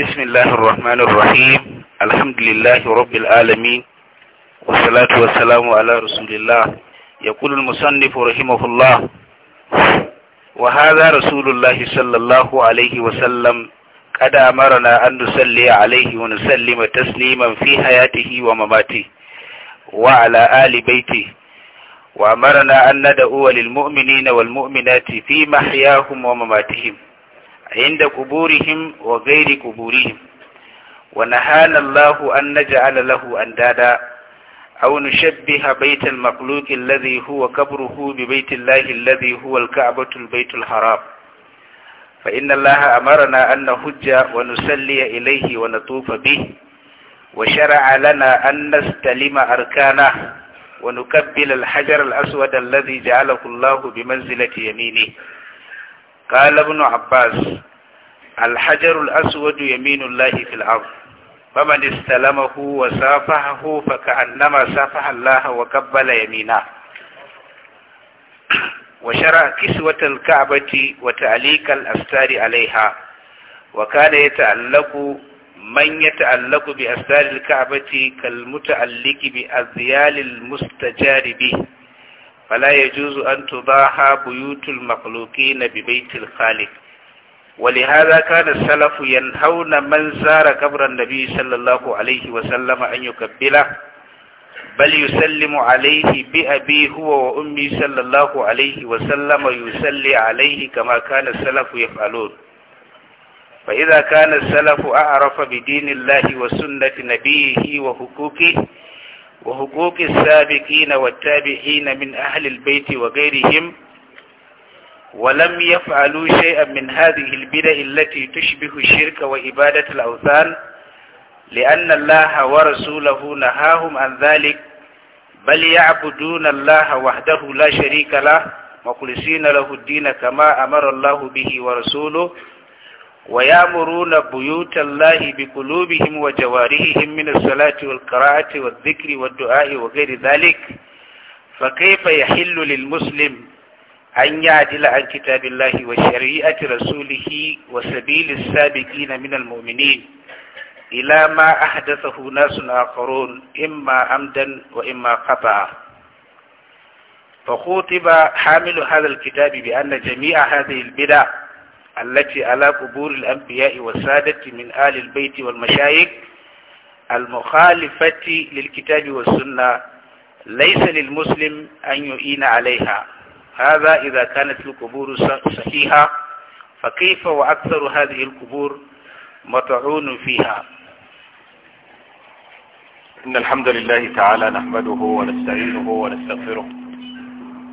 بسم الله الرحمن الرحيم الحمد لله رب العالمين والصلاة والسلام على رسول الله يقول المصنف رحمه الله وهذا رسول الله صلى الله عليه وسلم قد أمرنا أن نصلي عليه ونسلم تسليما في حياته ومماته وعلى آل بيته وأمرنا أن ندعو للمؤمنين والمؤمنات في محياهم ومماتهم عند قبورهم وغير قبورهم ونهانا الله أن نجعل له أندادا أو نشبه بيت المخلوق الذي هو قبره ببيت الله الذي هو الكعبة البيت الحرام فإن الله أمرنا أن نهج ونسلي إليه ونطوف به وشرع لنا أن نستلم أركانه ونكبل الحجر الأسود الذي جعله الله بمنزلة يمينه قال ابن عباس الحجر الأسود يمين الله في الأرض فمن استلمه وسافحه فكأنما سافح الله وقبل يمينه وشرع كسوة الكعبة وتعليق الأستار عليها وكان يتعلق من يتعلق بأستار الكعبة كالمتعلق بأذيال المستجار به فلا يجوز أن تضاحى بيوت المخلوقين ببيت الخالق ولهذا كان السلف ينهون من زار قبر النبي صلى الله عليه وسلم أن يكبله بل يسلم عليه بأبي هو وأمي صلى الله عليه وسلم يسلي عليه كما كان السلف يفعلون فإذا كان السلف أعرف بدين الله وسنة نبيه وحقوقه وحقوق السابقين والتابعين من أهل البيت وغيرهم ولم يفعلوا شيئا من هذه البدع التي تشبه الشرك وإبادة الأوثان لأن الله ورسوله نهاهم عن ذلك بل يعبدون الله وحده لا شريك له مخلصين له الدين كما أمر الله به ورسوله ويأمرون بيوت الله بقلوبهم وجوارحهم من الصلاة والقراءة والذكر والدعاء وغير ذلك فكيف يحل للمسلم أن يعدل عن كتاب الله وشريعة رسوله وسبيل السابقين من المؤمنين إلى ما أحدثه ناس آخرون إما عمدا وإما قطعا فخوطب حامل هذا الكتاب بأن جميع هذه البدع التي على قبور الأنبياء والسادة من آل البيت والمشايخ المخالفة للكتاب والسنة ليس للمسلم أن يؤين عليها هذا إذا كانت القبور صحيحة فكيف وأكثر هذه القبور مطعون فيها إن الحمد لله تعالى نحمده ونستعينه ونستغفره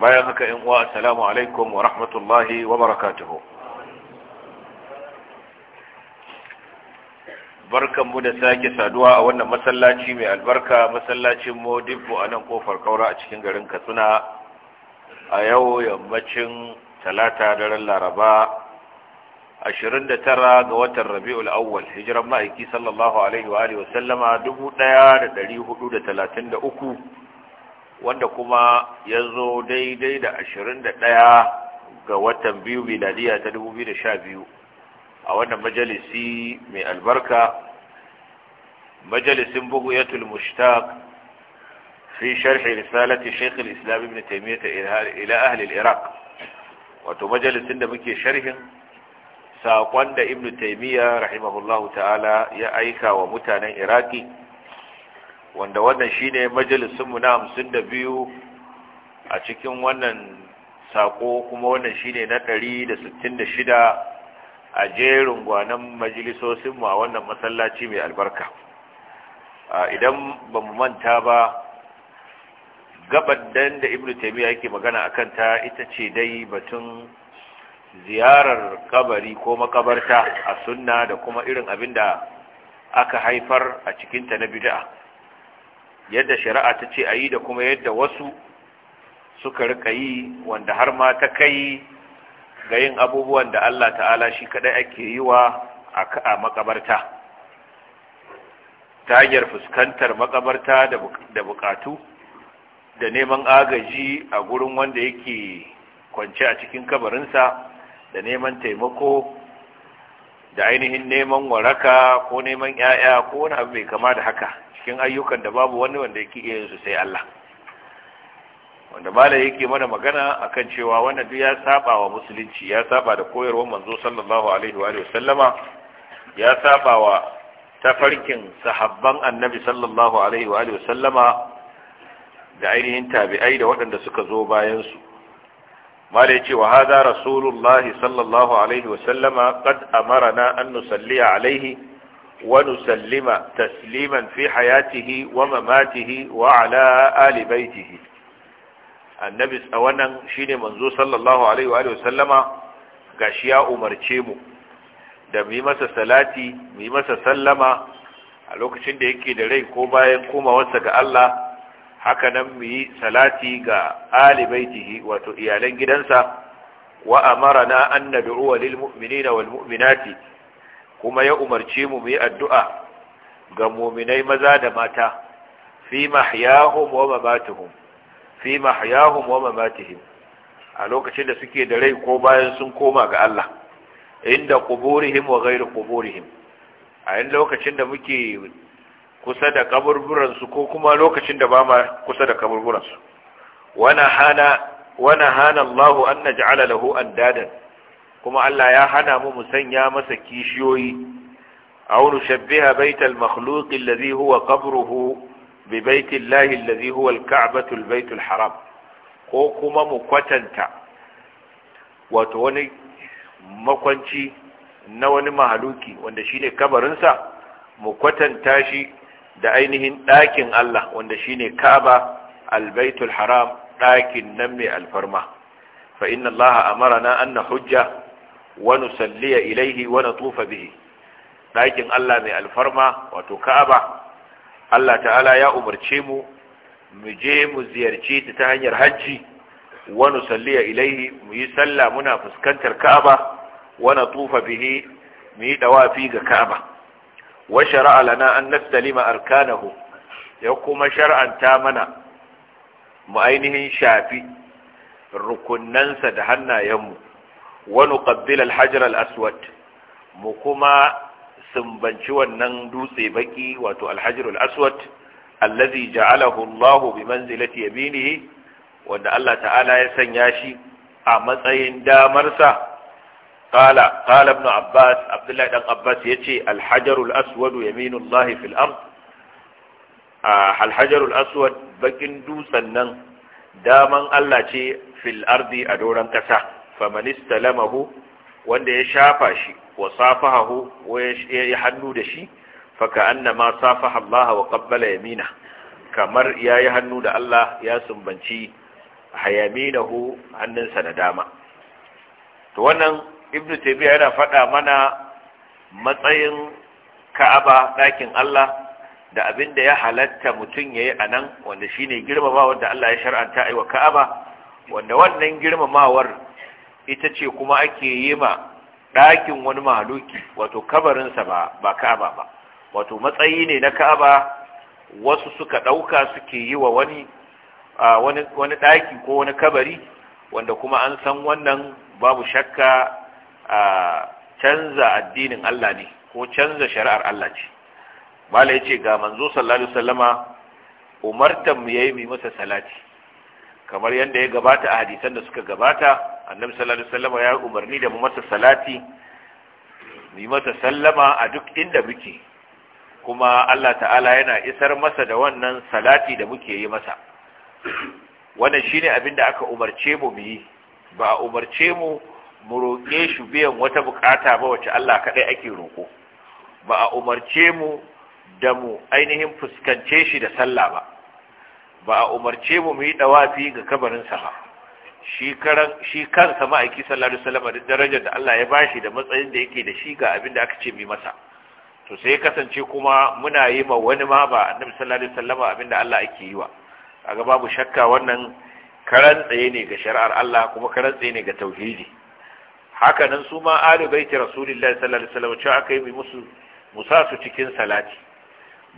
bayan haka in uwa assalamu alaikum wa rahmatullahi wa barakatuhu barkanmu da sake saduwa a wannan masallaci mai albarka masallacin modibbo a nan kofar kaura a cikin garin katsina a yau yammacin talata daren laraba 29 ga watan rabi'ul awwal hijiran ma'aiki sallallahu alaihi wa alihi wa sallama 1433 wanda kuma ya zo daidai da 21 ga watan biyu miladiya ta 2012 a wannan majalisi mai albarka majalisin buhuyatul mushtaq fi sharhi risalati shaykh al-islam ibn taymiyyah ila ahli al-iraq wato majalisin da muke sharhin saƙon da ibn taymiyyah rahimahullahu ta'ala ya aika wa mutanen iraki wanda wannan shine majalisinmu na hamsin da biyu a cikin wannan sako kuma wannan shine na ɗari da sittin da shida a jerin gwanon majalisosinmu a wannan masallaci mai albarka idan ba mu manta ba gabadan da ibnu taimiyya yake magana a ta ita ce dai batun ziyarar kabari ko makabarta a sunna da kuma irin abin da aka haifar a cikinta na bid'a yadda shari'a ta ce a yi da kuma yadda wasu suka rika yi wanda har ma ta kai ga yin abubuwan da Allah ta'ala shi kadai ake yi wa a makabarta ta hanyar fuskantar makabarta da bukatu da neman agaji a gurin wanda yake kwance a cikin kabarinsa da neman taimako da ainihin neman waraka ko neman ‘ya'ya ko wani abu mai kama da haka cikin ayyukan da babu wani wanda yake iya yin su sai Allah wanda mala yake mana magana akan cewa wannan duk ya saba wa musulunci ya saba da koyarwar manzo sallallahu alaihi wa sallama ya saba wa tafarkin sahabban annabi sallallahu alaihi wa sallama da ainihin tabi'ai da waɗanda suka zo bayansu. mala ce wa hada rasulullahi sallallahu alaihi wa sallama qad amarna an nusalli alaihi wa nusallima tasliman fi hayatihi wa mamatihi wa ala ali baitihi annabi wannan shine manzo sallallahu alaihi wa sallama gashi ya umarce mu da mu masa salati mu masa sallama a lokacin da yake da rai ko bayan komawarsa ga Allah haka nan mu yi salati ga ali wato iyalan gidansa wa na an nad'u lil mu'minina wal mu'minati kuma ya umarci mu mu yi addu'a ga mu'minai maza da mata fi mahyahum wa mamatuhum fi mahyahum wa mamatihim a lokacin da suke da rai ko bayan sun koma ga Allah inda quburihim wa ghairu quburihim a yin lokacin da muke kusa da kaburburansu ko kuma lokacin da ba ma kusa da kaburburansu wana hana wana hana Allah an naj'ala lahu dadan? kuma Allah ya hana mu musanya masa kishiyoyi aw nushabbiha baital makhluq alladhi huwa qabruhu bi baiti Allah alladhi huwa alka'batu albaytul haram ko kuma mu kwatanta wato wani makwanci na wani mahaluki wanda shine kabarinsa mu kwatanta shi da ainihin ɗakin Allah wanda shine Kaaba albaitul haram ɗakin nan mai alfarma fa inna Allah amarana anna na hujja wa nusalliya ilaihi wa natufa bihi ɗakin Allah mai alfarma wato Kaaba Allah ta'ala ya umarce mu mu je mu ziyarci ta ta hanyar hajji wa nusalliya ilaihi mu yi sallah muna fuskantar Kaaba wa natufa bihi mu yi dawafi ga Kaaba wa shara'a lana an nastalima arkanahu ya kuma shar'anta mana mu ainihin shafi rukunansa da hannayenmu wa nuqabbil al-hajar al-aswad mu kuma sumbanci wannan dutse baki wato al-hajar al-aswad allazi ja'alahu Allah bi manzilati yaminihi wanda Allah ta'ala ya sanya shi a matsayin damarsa qala qala ibn abbas abdullahi dan abbas yace al hajarul aswad yaminullahi fil ard al hajarul aswad baƙin dutsen nan daman Allah ce fil ardi a doran kasa faman istalamahu wanda ya shafa shi wa safahahu wa ya hannu da shi faka annama safaha Allah wa qabbala yamina kamar yayi hannu da Allah ya sumbanci hayaminahu hannunsa na dama to ibnu Tabia yana faɗa mana matsayin ka'aba ɗakin Allah da abin da ya halatta mutum ya yi a nan wanda shi ne girmama wanda Allah ya shar'anta aiwa ka'aba wanda wannan girmamawar ita ce kuma ake yi ma ɗakin wani mahaluki wato kabarinsa ba, ba ka'aba ba wato matsayi ne na ka'aba wasu suka ɗauka suke yi wa wani wani ɗaki ko wani kabari wanda kuma an san wannan babu shakka A canza addinin Allah ne ko canza shari'ar Allah ce mala yace ga manzo sallallahu alaihi wasallama umartan mu yayi mai masa salati kamar yadda ya gabata a hadisan da suka gabata annabi sallallahu alaihi wasallama ya umarni da mu masa salati mu masa sallama a duk inda muke kuma Allah ta'ala yana isar masa da wannan salati da muke yi masa wannan shine abin da aka umarce mu mu yi ba umarce mu mu roƙe shi biyan wata bukata ba wacce Allah kaɗai ake roƙo ba a umarce mu da mu ainihin fuskance shi da sallah ba ba a umarce mu mu yi dawafi ga kabarinsa ba shi kansa ma'aiki sallallahu alaihi wasallam da darajar da Allah ya bashi da matsayin da yake da shi ga abin da aka ce mai masa to sai kasance kuma muna yi ma wani ma ba annabi sallallahu alaihi wasallam abin da Allah ake yi wa kaga babu shakka wannan karan tsaye ne ga shari'ar Allah kuma karan tsaye ne ga tauhidi haka nan su ma ali baiti rasulullahi sallallahu alaihi wasallam aka yi musu musa su cikin salati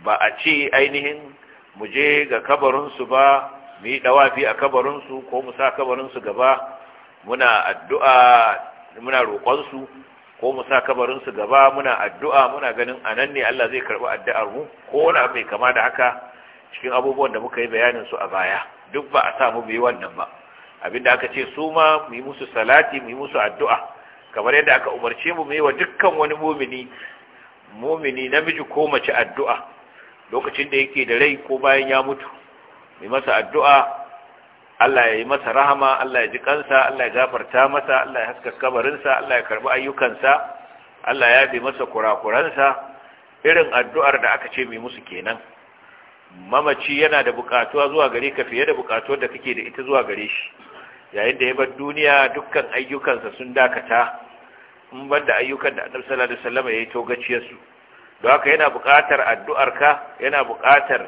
ba a ce ainihin mu je ga kabarin su ba mu yi dawafi a kabarin su ko mu sa kabarin su gaba muna addu'a muna roƙon su ko mu sa kabarin su gaba muna addu'a muna ganin anan ne Allah zai karɓi addu'ar mu ko wani abu mai kama da haka cikin abubuwan da muka yi bayanin su a baya duk ba a samu mu bi wannan ba abinda aka ce su ma mu yi musu salati mu yi musu addu'a kamar yadda aka umarce mu mai wa dukkan wani mumini mumini namiji ko mace addu'a lokacin da yake da rai ko bayan ya mutu mai masa addu'a Allah ya yi masa rahama Allah ya ji kansa Allah ya gafarta masa Allah ya haska kabarinsa Allah ya karbi ayyukansa Allah ya bi masa kurakuransa irin addu'ar da aka ce mai musu kenan mamaci yana da bukatuwa zuwa gare ka fiye da bukatuwar da kake da ita zuwa gare shi yayin da ya bar duniya dukkan ayyukansa sun dakata in ban da ayyukan da annabi sallallahu alaihi wasallam ya yi togaciyar su don haka yana buƙatar addu'ar ka yana buƙatar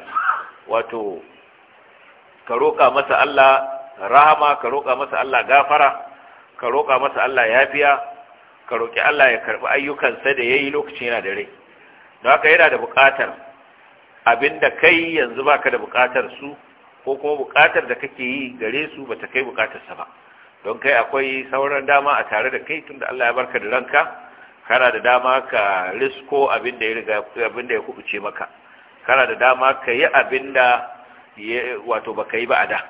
wato ka roƙa masa Allah rahama ka roƙa masa Allah gafara ka roƙa masa Allah yafiya ka roƙi Allah ya karɓi ayyukansa da yayi lokacin yana da rai don haka yana da buƙatar abinda kai yanzu baka da buƙatar su ko kuma buƙatar da kake yi gare su bata kai sa ba don kai akwai sauran dama a tare da kai tunda Allah ya barka da ranka kana da dama ka risko abin da ya riga abin ya kubuce maka kana da dama ka yi abin da wato baka yi ba a da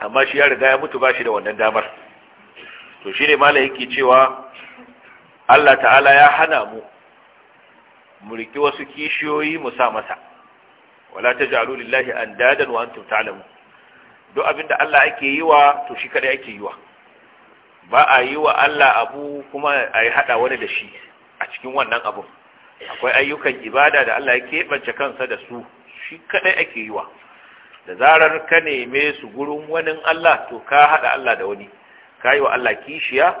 amma shi ya riga ya mutu ba shi da wannan damar to shi ne mala yake cewa Allah ta'ala ya hana mu mu riki wasu kishiyoyi mu sa masa wala taj'alu lillahi andadan wa antum ta'lamun duk abin da Allah ake yi wa to shi kadai ake yi wa ba a yi wa Allah abu kuma a yi haɗa wani da shi a cikin wannan abun akwai ayyukan ibada da Allah ya keɓance kansa da su shi kaɗai ake yi wa da zarar ka neme su gurin wani Allah to ka haɗa Allah da wani ka yi wa Allah kishiya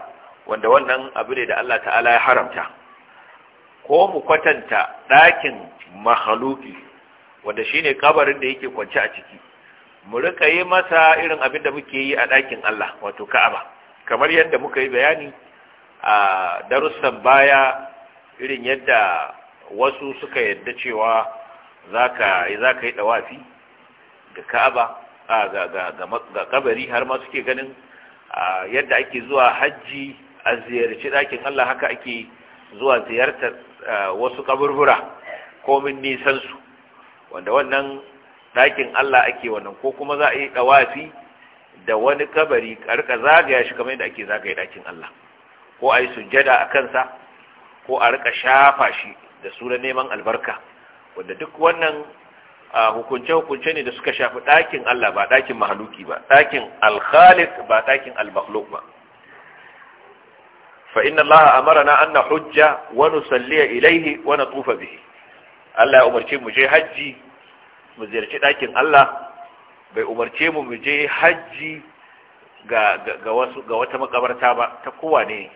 wanda wannan abu ne da Allah ta'ala ya haramta ko mu kwatanta ɗakin mahaluki wanda shine kabarin da yake kwance a ciki mu rika yi masa irin abin da muke yi a ɗakin Allah wato Ka'aba kamar yadda muka yi bayani a darussan baya irin yadda wasu suka yadda cewa zaka zaka yi dawafi ga Ka'aba ga ga ga kabari har ma suke ganin yadda ake zuwa hajji a ziyarci ɗakin Allah haka ake zuwa ziyartar wasu kaburbura komin nisansu wanda wannan Dakin Allah ake wannan ko kuma za a yi ɗawafi da wani kabari a rika zagaya shi kamar yadda ake zagaye ɗakin Allah ko a yi sujjada a kansa ko a rika shafa shi da sunan neman albarka wanda duk wannan hukunce-hukunce ne da suka shafi ɗakin Allah ba ɗakin mahaluki ba ɗakin alkhaliq ba ɗakin almakhluq ba fa inna Allah amarna an hujja wa salliya ilayhi wa natufa bihi Allah ya umarci mu je hajji. mu ziyarci ɗakin Allah bai umarce mu mu je hajji ga ga wasu ga wata makabarta ba ta kowa ne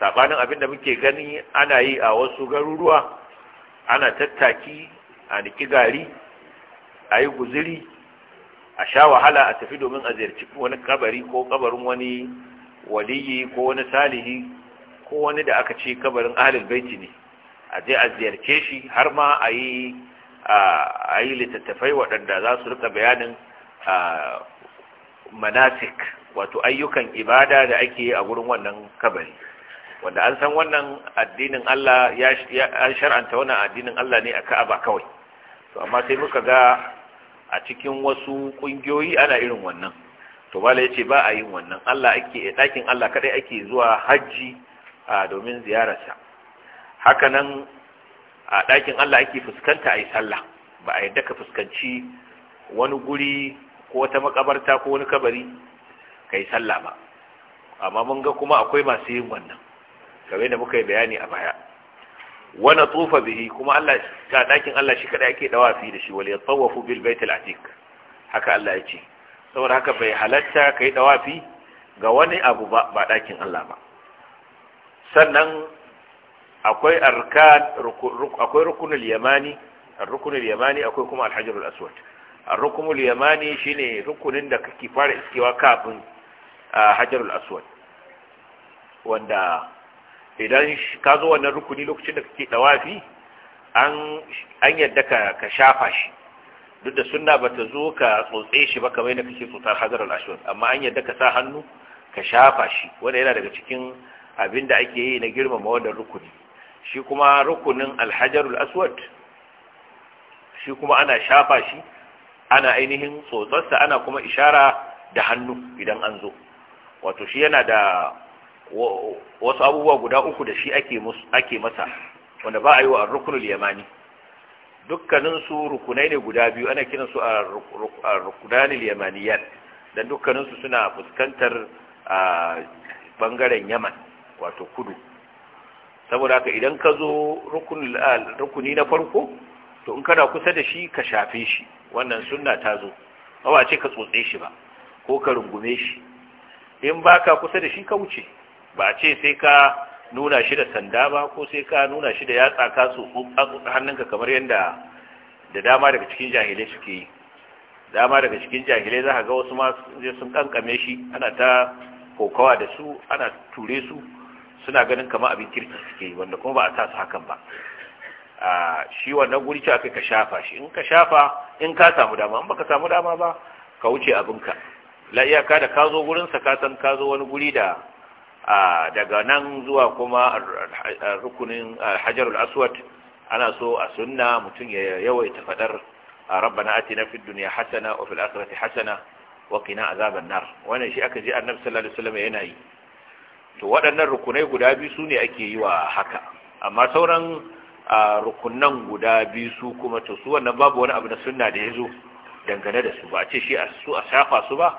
sabanin abin da muke gani ana yi a wasu garuruwa ana tattaki a niki gari a yi guziri a sha wahala a tafi domin a ziyarci wani kabari ko kabarin wani waliyi ko wani salihi ko wani da aka ce kabarin ahalil baiti ne a je a ziyarce shi har ma a yi a yi littattafai waɗanda za su rika bayanin manasik wato ayyukan ibada da ake yi a wurin wannan kabari wanda an san wannan addinin Allah ya an shar'anta wannan addinin Allah ne a Ka'aba kawai to amma sai muka ga a cikin wasu ƙungiyoyi ana irin wannan to bala ce ba a yin wannan Allah ake ɗakin Allah kadai ake zuwa hajji domin ziyararsa haka nan a ɗakin Allah ake fuskanta a yi sallah ba a yadda ka fuskanci wani guri ko wata makabarta ko wani kabari ka yi sallah ba amma mun ga kuma akwai masu yin wannan kamar da muka yi bayani a baya wani tsufa bihi kuma Allah ta ɗakin Allah shi kaɗai ake ɗawafi da shi wal ya tsawafu bil baitul atik haka Allah ya ce saboda haka bai halatta ka yi ɗawafi ga wani abu ba ba ɗakin Allah ba sannan akwai arkan akwai rukunul yamani rukunul yamani akwai kuma alhajarul aswad rukunul yamani shine rukunin da kake fara iskewa kafin hajarul aswad wanda idan ka zo wannan rukuni lokacin da kake dawafi an an yadda ka ka shafa shi duk da sunna bata zo ka tsotse shi ba kamar yadda kake tsotar hajarul aswad amma an yadda ka sa hannu ka shafa shi wanda yana daga cikin abinda ake yi na girmama wannan rukuni shi kuma rukunin alhajarul aswad shi kuma ana shafa shi ana ainihin tsotsarsa ana kuma ishara da hannu idan an zo wato shi yana da wasu abubuwa guda uku da shi ake masa wanda ba a yi wa rukunul yamani dukkaninsu rukunai ne guda biyu ana kiransu a rukunanil yamaniyar don dukkaninsu suna fuskantar ah, bangaren yaman wato kudu saboda haka idan ka zo rukuni na farko to in kana kusa da shi ka shafe shi wannan sunna ta zo ba ce ka tsotse shi ba ko ka rungume shi in ba ka kusa da shi ka wuce ba a ce sai ka nuna shi da sanda ba ko sai ka nuna shi da yatsa ka tsotsa hannunka kamar yadda da dama daga cikin jahilai suke yi dama daga cikin jahilai za ka ga wasu ma sun kankame shi ana ta kokawa da su ana ture su suna ganin kama abin kirki suke yi wanda kuma ba a sa hakan ba a shi wannan guri ce aka ka shafa shi in ka shafa in ka samu dama in baka samu dama ba ka wuce abinka la iyaka da ka zo gurin sa ka san ka zo wani guri da daga nan zuwa kuma rukunin hajarul aswad ana so a sunna mutum ya yawaita fadar rabbana atina fid dunya hasana wa fil akhirati hasana wa qina azaban nar wannan shi aka ji annabi sallallahu alaihi wasallam yana yi to waɗannan rukunai guda biyu su ne ake yi wa haka amma sauran rukunan guda biyu su kuma to su wannan babu wani abu na sunna da ya zo dangane da su ba a ce shi a shafa su ba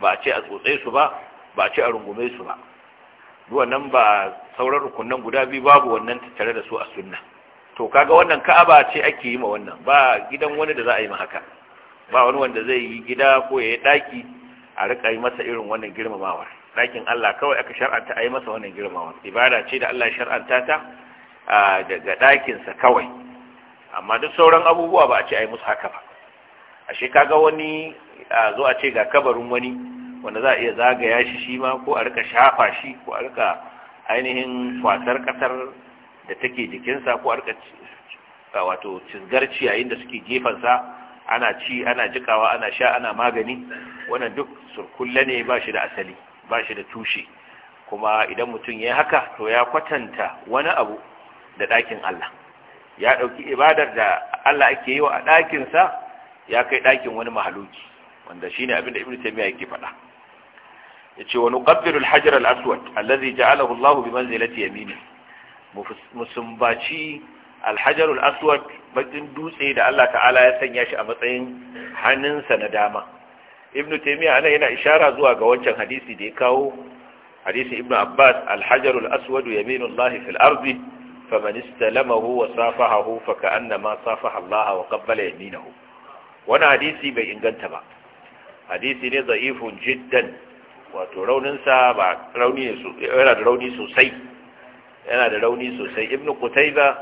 ba a ce a tsotse su ba ba ce a rungume su ba wannan ba sauran rukunan guda biyu babu wannan tattare da su a sunna to kaga wannan ka'aba ce ake yi ma wannan ba gidan wani da za a yi ma haka ba wani wanda zai yi gida ko ya yi daki a rika yi masa irin wannan girmamawar dakin Allah kawai aka shar'anta a yi masa wannan girmama ibada ce da Allah shar'anta ta daga ɗakinsa kawai amma duk sauran abubuwa ba a ce a yi musu haka ba a shi kaga wani a zo a ce ga kabarin wani wanda za a iya zagaya shi shi ma ko a rika shafa shi ko a rika ainihin kwasar kasar da take jikinsa ko a rika wato ciyayin da suke gefensa ana ci ana jikawa ana sha ana magani wannan duk surkulle ne ba shi da asali ba shi da tushe kuma idan mutum ya haka to ya kwatanta wani abu da ɗakin Allah ya ɗauki ibadar da Allah ake yi wa a ɗakinsa ya kai ɗakin wani mahaluki wanda shine abin da ibnu taymiya yake faɗa yace ce wani al-hajar al-aswad alladhi ja'alahu Allah bi manzilati yamini musumbaci al al-aswad bakin dutse da Allah ta'ala ya sanya shi a matsayin hannunsa na dama ibn taymiya ana yana ishara zuwa ga wancan hadisi da ya kawo hadisi ibn abbas al Aswadu, Yaminullahi, aswad yaminu allah fil ardi faman wa fa safaha allah wa qabbala yaminahu hadisi bai inganta ba hadisi ne za'ifun jiddan wato rauninsa ba rauni ne yana da rauni sosai yana da rauni sosai ibn Kutaiba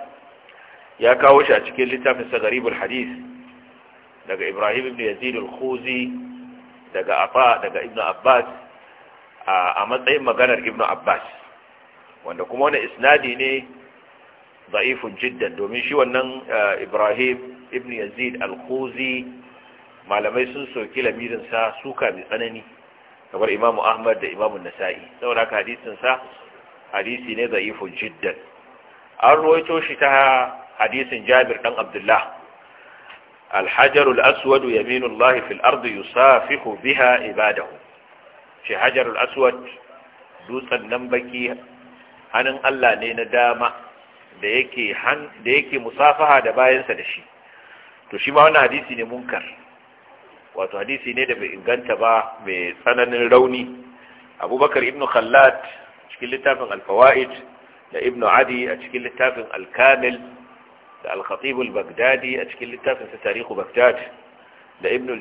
ya kawo shi a cikin littafin sa garibul hadis daga ibrahim ibn yazid al-khuzi daga afa daga ibnu abbas a matsayin maganar ibnu abbas wanda kuma wani isnadi ne da'ifun jiddan domin shi wannan ibrahim ibn yazid al-khuzi malamai sun soki sa suka mai tsanani kamar imamu ahmad da imamu nasa'i saboda haka hadisinsa hadisi ne da'ifun jiddan an ruwaito shi ta hadisin jabir dan abdullah alhajarul aswadu yaminullahi fil ardi yusafihu biha ibadahu shi hajarul aswad dutsen nan baki hannun Allah ne na dama da yake musafaha da bayansa da shi to shi ma wannan hadisi ne munkar wato hadisi ne da bai inganta ba mai tsananin rauni abubakar ibn khallad cikin littafin alfawa'id da ibn adi a cikin littafin alkamil da al bagdadi a cikin littafinsa tarihu tarikh da ibn a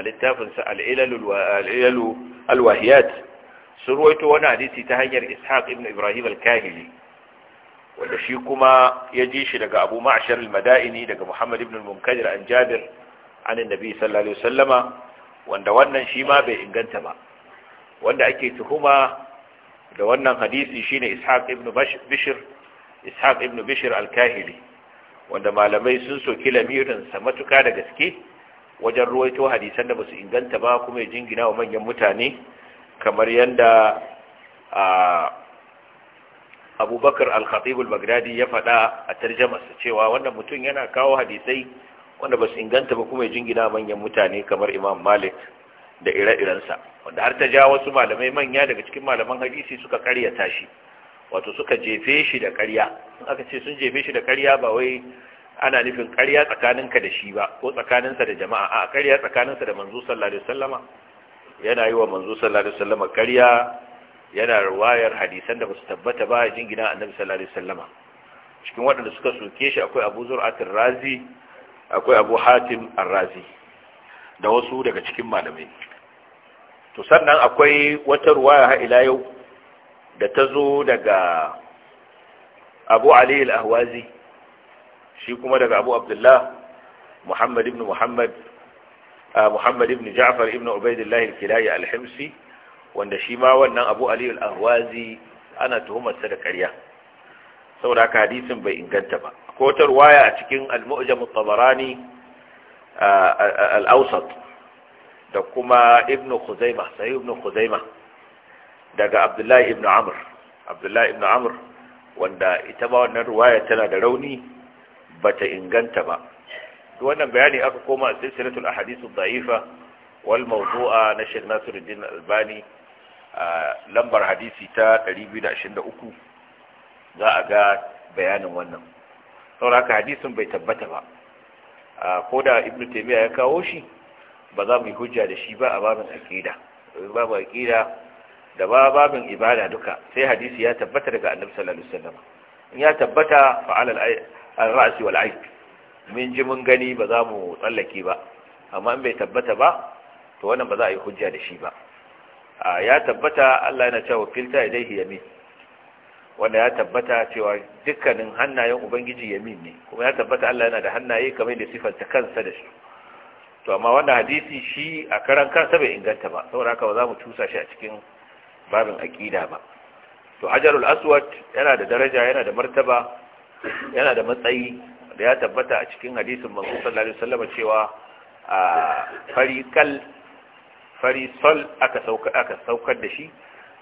littafinsa sa al sun ruwaito wani hadisi ta hanyar ishaq ibn ibrahim al-kahili wanda shi kuma ya ji shi daga abu ma'ashar al-madaini daga muhammad ibn al-munkadir an jabir an annabi sallallahu alaihi wasallama wanda wannan shi ma bai inganta ba wanda ake tuhuma da wannan hadisi shine ishaq ibn Bishir. ishaq ibn bishir al-kahili wanda malamai sun soki lamirinsa matuka da gaske wajen ruwaito hadisan da basu inganta ba kuma ya jingina wa manyan mutane kamar yadda abubakar al-khatib baghdadi ya faɗa a tarjamarsa cewa wannan mutum yana kawo hadisai wanda basu inganta ba kuma ya jingina manyan mutane kamar imam malik da ire-irensa wanda har ta ja wasu malamai manya daga cikin malaman hadisi suka karyata shi wato suka jefe shi da ƙarya aka ce sun jefe shi da ƙarya ba wai ana nufin ƙarya tsakaninka da shi ba ko tsakaninsa da jama'a a ƙarya tsakaninsa da manzo sallallahu alaihi wasallama yana yi wa manzo sallallahu alaihi wasallama ƙarya yana riwayar hadisan da basu tabbata ba jingina annabi sallallahu alaihi wasallama cikin waɗanda suka soke shi akwai Abu Zur'at razi akwai Abu Hatim Ar-Razi da wasu daga cikin malamai to sannan akwai wata ruwaya ha ila yau da ta zo daga abu ali al-ahwazi shi kuma daga abu abdullah muhammad ibn muhammad ah, muhammad ibn ja'far ibn ubaidillah al kilayi al-himsi wanda shi ma wannan abu ali al-ahwazi ana tuhumarsa da ƙarya saboda ka hadisin bai inganta ba ko ta ruwaya a cikin al-mu'jam al tabarani ah, al-awsat da kuma ibn khuzaimah sai ibn khuzaimah daga abdullahi ibn amr abdullahi ibn amr wanda ita ba wannan ruwaya tana da rauni bata inganta ba wannan bayani aka koma a silsilatul ahadithu da'ifa wal mawdu'a na Sheikh Nasiruddin Albani a lambar hadisi ta 223 za a ga bayanin wannan haka hadisin bai tabbata ba ko da Ibn Taymiyyah ya kawo shi ba za mu yi hujja da shi ba a babin aqida babu aqida da ba babin ibada duka sai hadisi ya tabbata daga annabi sallallahu alaihi wasallam in ya tabbata fa alal wal ayn min ji mun gani ba za mu tsallake ba amma in bai tabbata ba to wannan ba za a yi hujja da shi ba ya tabbata Allah yana cewa filta ilaihi yamin wanda ya tabbata cewa dukkanin hannayen ubangiji yamin ne kuma ya tabbata Allah yana da hannaye kamar da ta kansa da shi to amma wannan hadisi shi a karan kansa bai inganta ba saboda haka ba za mu tusa shi a cikin babin aƙida ba to hajarul aswad yana da daraja yana da martaba yana da matsayi da ya tabbata a cikin hadisin manzo sallallahu alaihi wasallam cewa a farikal farisol aka sauka aka saukar da shi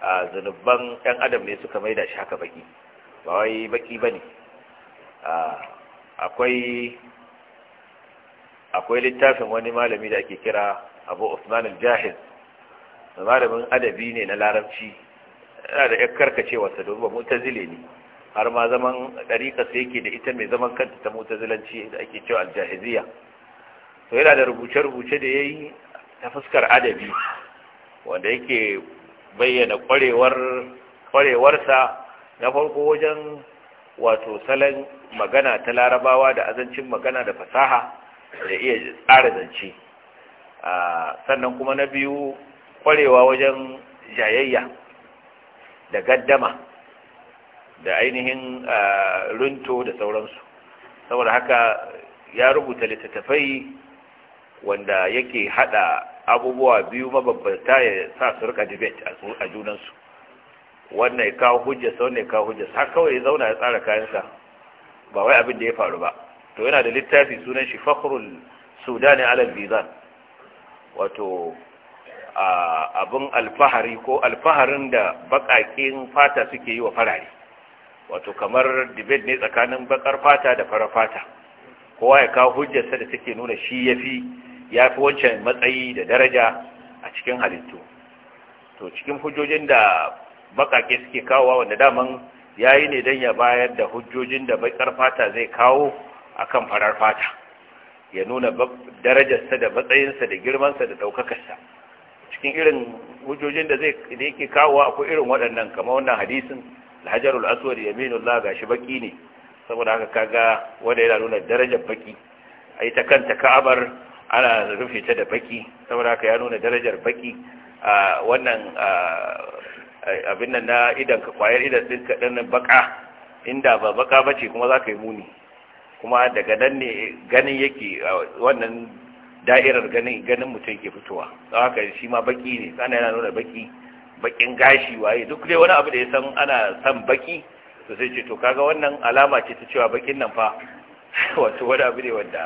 a zanuban ɗan adam ne suka maida shi haka baki ba wai baki bane akwai akwai littafin wani malami da ake kira Abu Usman al-Jahiz malamin adabi ne na larabci yana da yar karkacewarsa domin ba mutazile ne har ma zaman ɗariƙa sai yake da ita mai zaman kanta ta mutazilanci da ake cewa aljahiziya to yana da rubuce-rubuce da ya yi ta fuskar adabi wanda yake bayyana ƙwarewarsa na farko wajen wato salon magana ta larabawa da azancin magana da fasaha da iya tsara zance ah, sannan kuma na biyu kwarewa wajen jayayya da gaddama da ainihin runto da sauransu saboda haka ya rubuta littattafai wanda yake hada abubuwa biyu mababbata ya sa su rika debate a junansu wannan ya kawo hujjasa, wannan ya kawo hujjasa, har kawai ya zauna ya tsara kayansa ba wai abin da ya faru ba to yana da littafi sunan shi fakhrul sudani alal bizan wato abin alfahari ko alfaharin da bakakin fata suke yi wa farare wato kamar debate ne tsakanin bakar fata da farar fata kowa ya kawo hujjarsa da take nuna shi yafi yafi wancan matsayi da daraja a cikin halittu to cikin hujjojin da bakake suke kawowa wanda daman yayi ne dan ya bayar da hujjojin da bakar fata zai kawo akan farar fata ya nuna darajarsa da matsayinsa da girmansa da ɗaukakarsa cikin irin hujjojin da zai da yake kawo akwai irin waɗannan kamar wannan hadisin al-hajarul aswad yaminullah gashi baki ne saboda haka kaga wanda yana nuna darajar baki ai ta kanta ka'abar ana rufe ta da baki saboda haka ya nuna darajar baki a wannan abin nan na idan ka kwayar idan din baka inda ba baka bace kuma zaka yi muni kuma daga nan ne ganin yake wannan da'irar ganin ganin mutum ke fitowa don haka shi ma baki ne tsana yana nuna baki bakin gashi waye duk dai wani abu da ya san ana san baki to sai ce to kaga wannan alama ce ta cewa bakin nan fa wato wani abu ne wanda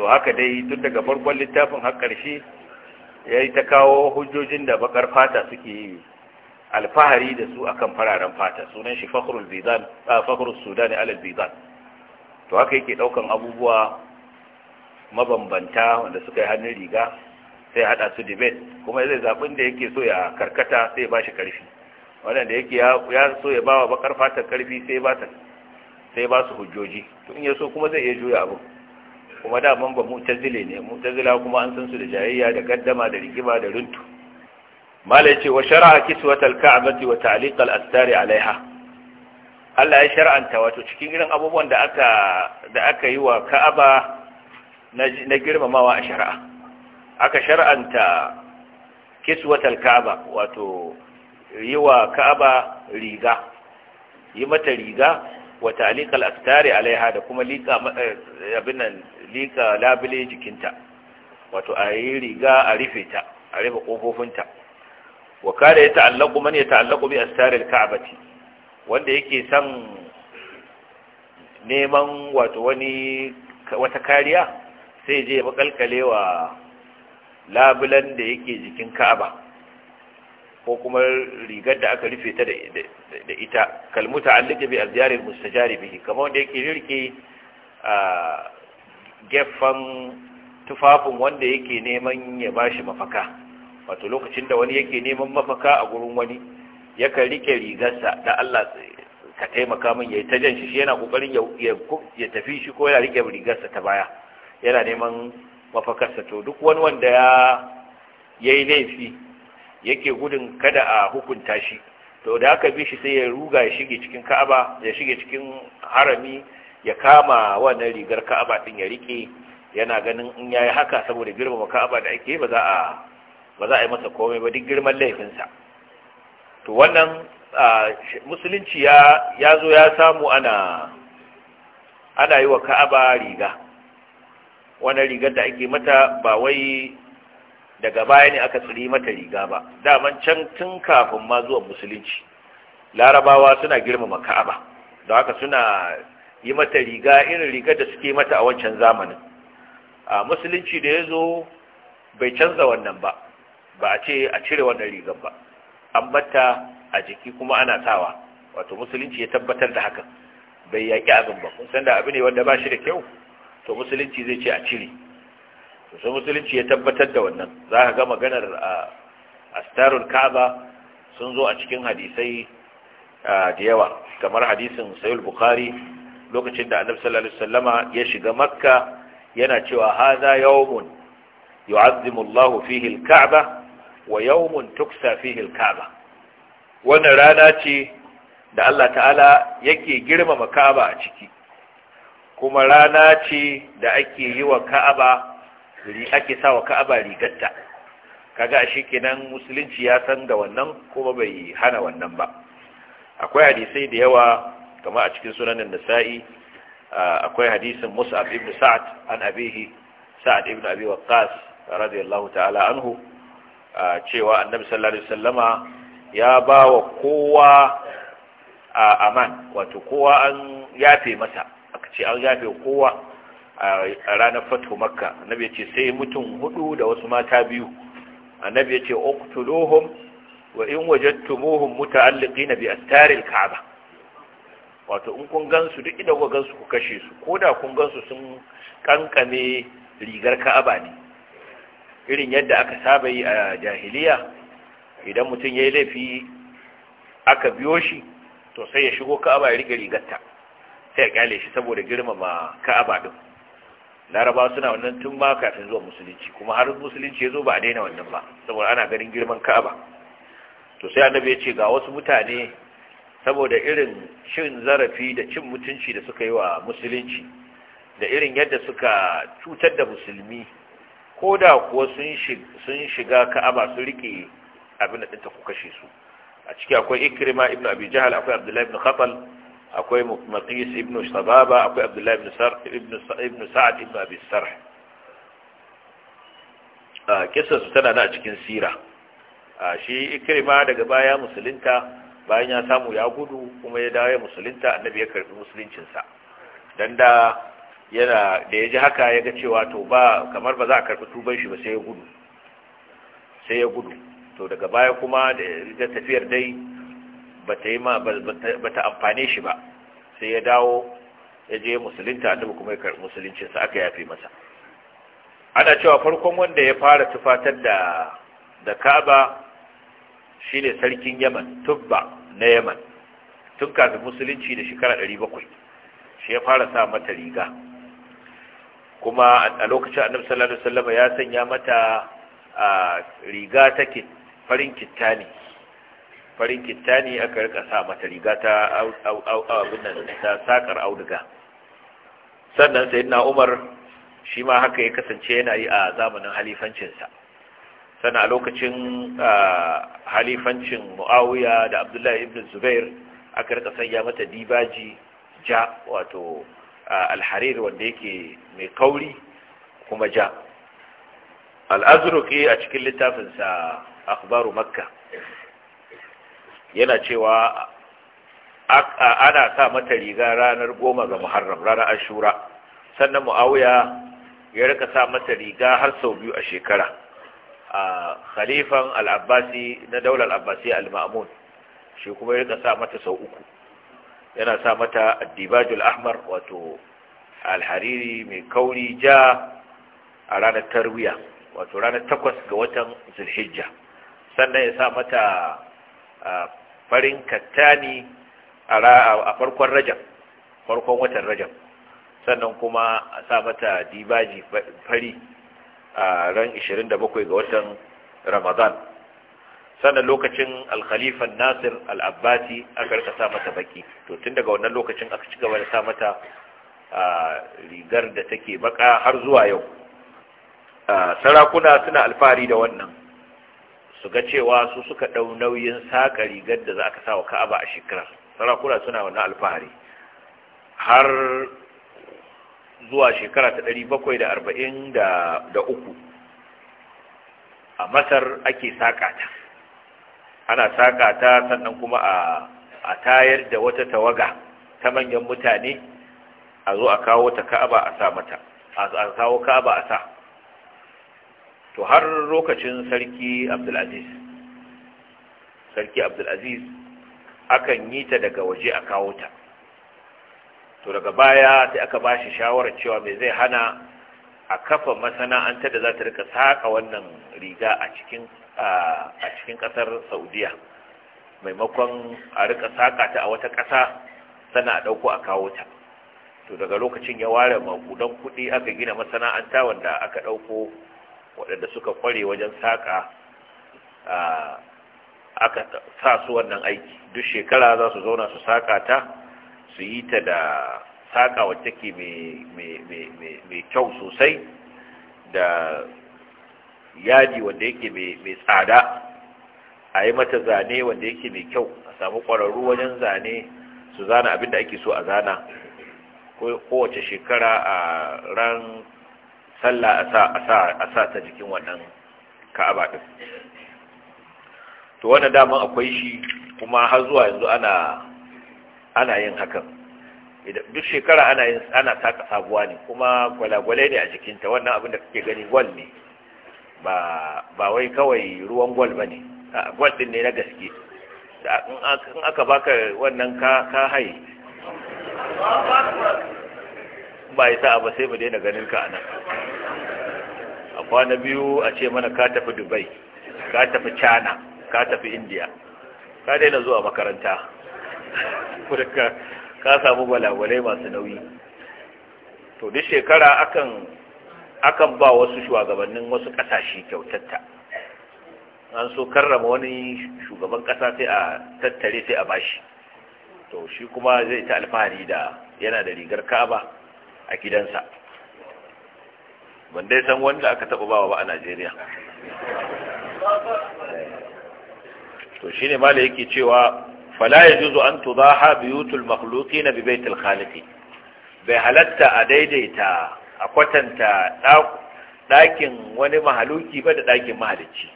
to haka dai duk daga farkon littafin har ƙarshe ya yi ta kawo hujjojin da bakar fata suke alfahari da su akan fararen fata sunan shi fakhrul sudan al bizan to haka yake daukan abubuwa mabambanta wanda suka yi hannun riga sai hada su debate kuma zai zaɓin da yake so ya karkata sai ba shi karfi waɗanda yake ya so ya ba wa bakar fatar karfi sai ba ba su hujjoji to in ya so kuma zai iya juya abu kuma daman ba mutazile ne mutazila kuma an san su da jayayya da gaddama da rigima da runtu malai ce wa shar'a kiswatal ka'bati wa ta'liq al-astari alaiha Allah ya shar'anta wato cikin irin abubuwan da aka da aka yi wa Ka'aba na girmamawa a shari'a aka shar'anta kiswatar ka'aba wato yi wa ka'aba riga yi mata riga wata ta'liqal astari alaiha da kuma liƙa eh, labile jikinta wato a yi riga a rufe ta a rufe kofofinta wa kada ya ta'allaku man ya ta'allaku bi al ka'bati wanda yake san neman wato wani wata kariya sai je makalkalewa labulan da yake jikin ka'aba ko kuma rigar da aka rufe ta da ita kalmuta allika bi azyarin mustajari bihi kamar wanda yake rirke a gefen tufafin wanda yake neman ya bashi mafaka wato lokacin da wani yake neman mafaka a gurin wani yakan rike rigarsa da Allah ka taimaka min yayi ta jan shi yana kokarin ya tafi shi ko yana rike rigarsa ta baya yana neman mafakarsa to duk wani wanda ya yayi laifi yake gudun kada a hukunta shi to da aka bi shi sai ya ruga ya shige cikin Ka'aba ya shige cikin harami ya kama wannan rigar Ka'aba din ya rike yana ganin in yayi haka saboda girmama Ka'aba da ake ba za a ba za a yi masa komai ba duk girman laifinsa to wannan musulunci ya ya zo ya samu ana ana yi wa Ka'aba riga wannan rigar da ake mata ba wai daga baya ne aka tsiri mata riga ba daman can tun kafin ma zuwa musulunci larabawa suna girmama ka'aba da haka suna yi mata riga irin rigar da suke mata a wancan zamanin a musulunci da ya zo bai canza wannan ba ba a ce a cire wannan rigar ba an batta a jiki kuma ana sawa wato musulunci ya tabbatar da hakan bai yaƙi abin ba kun san da abu ne wanda ba shi da kyau to musulunci zai ce a cire to sai musulunci ya tabbatar da wannan za ka ga maganar astarul kaaba sun zo a cikin hadisai da yawa kamar hadisin sayul bukhari lokacin da annabi sallallahu alaihi wasallama ya shiga makka yana cewa hadha yawmun yu'azzimu Allahu fihi al-ka'ba wa yawmun tuksa fihi al-ka'ba wannan rana ce da Allah ta'ala yake girmama Ka'aba a ciki kuma rana ce da ake yi wa ka'aba ake sa wa ka'aba rigatta kaga shi kenan musulunci ya san da wannan kuma bai hana wannan ba akwai hadisai da yawa kama a cikin sunanin nasa'i akwai hadisin mus'ab ibn sa'ad an abihi sa'ad ibn abi waqqas radiyallahu ta'ala anhu cewa annabi sallallahu alaihi wasallama ya bawa kowa aman wato kowa an yafe masa aka ce an yafe kowa a ranar fatu makka annabi ce sai mutum hudu da wasu mata biyu annabi ya ce uqtuluhum wa in wajadtumuhum muta'alliqina bi astaril ka'aba wato in kun gansu duk idan kun gansu ku kashe su koda kun gansu sun kankame rigar ka'aba ne irin yadda aka saba yi a jahiliya idan mutum yayi yi laifi aka biyo shi to sai ya shigo ka'aba ya rike rigarta sai ya kyale shi saboda girmama ka'aba din laraba suna wannan tun ma kafin zuwa musulunci kuma har musulunci ya zo ba a daina wannan ba saboda ana ganin girman ka'aba to sai annabi ya ce ga wasu mutane saboda irin cin zarafi da cin mutunci da suka yi wa musulunci da irin yadda suka cutar da musulmi ko da kuwa sun shiga ka'aba sun rike abin da ɗinta ku kashe su a ciki akwai ikirma ibn abi jahal akwai abdullahi ibn khatal akwai maqis ibn shababa akwai abdullahi ibn sar ibn ibn sa'd ibn abi sarh a kisa su tana na cikin sira a shi ikrima daga baya musulunta bayan ya samu ya gudu kuma ya dawo ya musulunta annabi ya karbi musuluncin sa dan da yana da ya ji haka ya ga cewa to ba kamar ba za a karbi tuban shi ba sai ya gudu sai ya gudu to daga baya kuma da tafiyar dai bata yi ma bata amfane shi ba sai ya dawo ya je musulunta annabi kuma ya karɓi musuluncinsa aka yafe masa ana cewa farkon wanda ya fara tufatar da da shi shine sarkin Yaman Tubba na Yaman tun kafin musulunci da shekara 700 shi ya fara sa mata riga kuma a lokacin Annabi sallallahu alaihi wasallam ya sanya mata riga take farin kittani farin kittani aka rika sa mata riga ta abin nan ta sakar auduga sannan na Umar shi ma haka ya kasance yana yi a zamanin halifancinsa sannan a lokacin halifancin Muawiya da Abdullahi ibn Zubair aka rika sanya mata dibaji ja wato alharir wanda yake mai kauri kuma ja al'azuruki a cikin littafinsa akbaru makka yana cewa ana sa mata riga ranar goma ga muharram ranar ashura sannan mu'awiya ya rika sa mata riga har sau biyu a shekara a khalifan al'abbasi na daular al'abbasi al-ma'amun shi kuma ya rika sa mata sau uku yana sa mata addibajul ahmar wato alhariri mai kauri ja a ranar tarwiya wato ranar takwas ga watan zulhijja sannan ya sa mata farin kattani a farkon rajab farkon watan rajab sannan kuma a sa mata dibaji fari a ran 27 ga watan ramadan sannan lokacin alkhalifan nasir Al-Abbasi aka rika sa mata baki to tun daga wannan lokacin aka ci gaba da sa mata rigar da take baka har zuwa yau sarakuna suna alfahari da wannan su ga cewa su suka ɗau nauyin saƙa rigar da za ka sa wa ka'aba a shekara sarakuna suna wannan alfahari har zuwa shekara ta ɗari bakwai da arba'in da uku a masar ake saƙa ta ana saƙa ta sannan kuma a tayar da wata tawaga ta manyan mutane a zo a kawo ta ka'aba a sa mata a kawo ka'aba a sa to har lokacin sarki abdulaziz sarki abdulaziz akan yi ta daga waje a kawo ta to daga baya sai aka ba shi shawarar cewa mai zai hana a kafa masana'anta da za ta rika saka wannan riga a cikin a cikin kasar saudiya maimakon a rika saka ta a wata kasa sana a dauko a kawo ta to daga lokacin ya ware makudan kuɗi aka gina masana'anta wanda aka dauko waɗanda suka kware wajen saƙa aka sa su wannan aiki duk shekara za su zauna su saƙa ta su yi ta da saƙa wacce ke mai kyau sosai da yadi wanda yake mai tsada a yi mata zane wanda yake mai kyau a samu ƙwararru wajen zane su zana abinda ake so a zana kowace shekara a ran sallah a sa ta jikin wannan ka'aba ɗin to wanda daman akwai shi kuma har zuwa yanzu ana ana yin hakan duk shekara ana yin ana saka sabuwa ne kuma gwalagwale ne a jikinta wannan abin da kake gani gwal ne ba ba wai kawai ruwan gwal ba ne gwal ɗin ne na gaske in aka baka wannan ka ka hai ba sa'a ba sai mu daina ganin ka anan a kwana biyu a ce mana ka tafi dubai ka tafi china ka tafi india ka daina zuwa makaranta ka samu balagwale masu nauyi to duk shekara akan akan ba wasu shugabannin wasu kasashe kyautatta an so karrama wani shugaban kasa sai a tattare sai a bashi to shi kuma zai ta alfahari da yana da rigar kaba a gidansa ban dai san wanda aka taɓa bawa ba a najeriya to shine mala yake cewa fala yajuzu an tudaha biyutul makhluqin na baitil khaliq bai halatta a daidaita a kwatanta ɗakin wani mahaluki ba da ɗakin mahalicci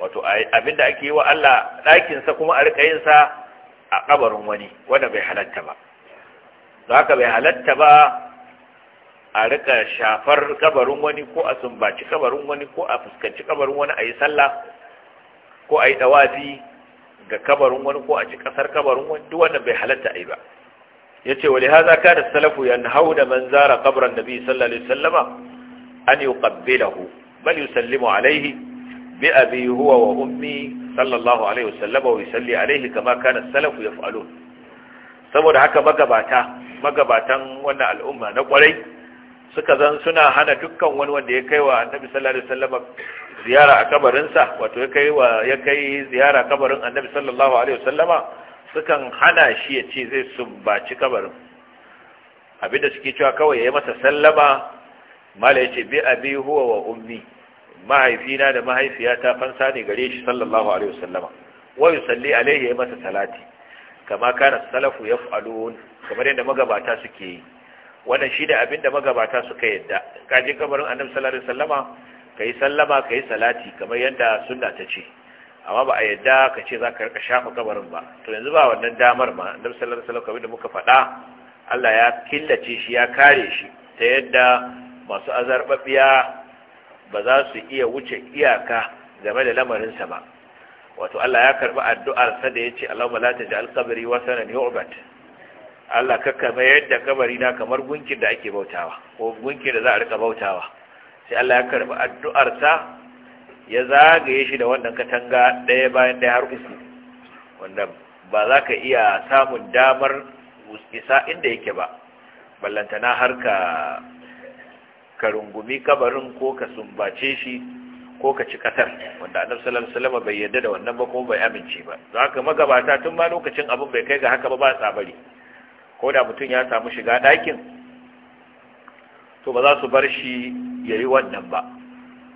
wato abinda ake yi wa Allah ɗakinsa kuma a rika yinsa a kabarin wani wanda bai halatta ba za ka bai halatta ba a rika shafar kabarin wani ko a sumbaci kabarin wani ko a fuskanci kabarin wani a yi sallah ko a yi dawazi ga kabarin wani ko a ci kasar kabarin wani duk wannan bai halatta a yi ba ya ce wale haza ka da salafu ya hau da man zara kabarin nabi sallallahu alaihi wasallama an yi kabbilahu bal yusallimu alaihi bi abi huwa wa ummi sallallahu alaihi wasallama wa yusalli alaihi kama kana salafu ya faɗo. saboda haka magabata magabatan wannan al'umma na kwarai suka zan suna hana dukkan wani wanda ya kai wa annabi sallallahu alaihi wasallam ziyara a kabarinsa wato ya kai wa ya kai ziyara kabarin annabi sallallahu alaihi wasallama sukan hana shi ya ce zai sumbaci kabarin abinda suke cewa kawai ya yi masa sallama mala ya ce bi abi huwa wa ummi mahaifina da mahaifiyata fansa ne gare shi sallallahu alaihi wasallama wa yusalli alaihi ya yi masa salati kama kana salafu yaf'alun kamar yadda magabata suke yi wannan shi da abinda magabata suka yadda ka je kabarin annabi sallallahu alaihi wasallama kai sallama kai salati kamar yadda sunna ta ce amma ba a yadda ka ce za ka rika shafa kabarin ba to yanzu ba wannan damar ma annabi sallallahu alaihi kamar da muka faɗa Allah ya killace shi ya kare shi ta yadda masu azarbabiya ba za su iya wuce iyaka game da lamarinsa ba wato Allah ya karɓi addu'arsa da yace Allahumma la taj'al qabri wasanan yu'bad Allah ka mayar da kabari na kamar gunkin da ake bautawa ko gunkin da za a rika bautawa sai Allah ya karɓi addu'arsa ya zagaye shi da wannan katanga ɗaya bayan ɗaya har uku wanda ba za ka iya samun damar isa inda yake ba ballantana har ka ka rungumi kabarin ko ka sumbace shi ko ka ci katar wanda annabi bai yarda da wannan ba kuma bai amince ba za ka magabata tun ma lokacin abin bai kai ga haka ba ba tsabari ko da mutum ya samu shiga ɗakin to ba za su bar shi ya yi wannan ba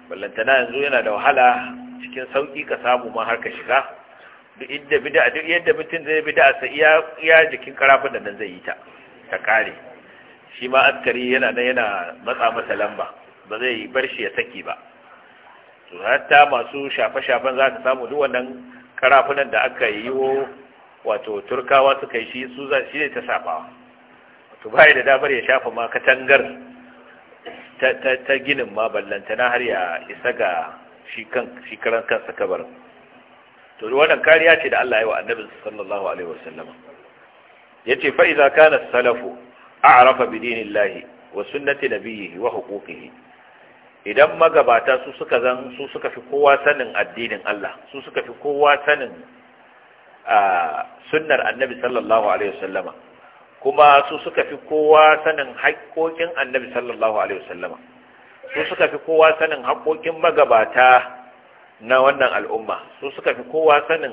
ballantana yanzu yana da wahala cikin sauƙi ka samu ma har ka shiga duk inda yadda mutum zai bi sa iya iya jikin karafin da nan zai yi ta ta kare shi ma askari yana nan yana matsa masa lamba ba zai bar shi ya saki ba to hatta masu shafe-shafen za ka samu duk wannan karafunan da aka yi wo wato turkawa suka yi shi su za shi ne ta sabawa wato bai da damar ya shafa ma katangar ta ginin ma ballanta, na har ya isa ga shi karan kansa kabarin to wannan kariya ce da Allah ya wa annabi sallallahu alaihi wasallam yace fa idza kana salafu a'rafa bi dinillahi wa sunnati nabiyhi wa huquqihi idan magabata su suka zan su suka fi kowa sanin addinin Allah su suka fi kowa sanin sunnar annabi sallallahu alaihi wasallama kuma su suka fi kowa sanin haƙƙoƙin annabi sallallahu alaihi wasallama su suka fi kowa sanin haƙƙoƙin magabata na wannan al'umma su suka fi kowa sanin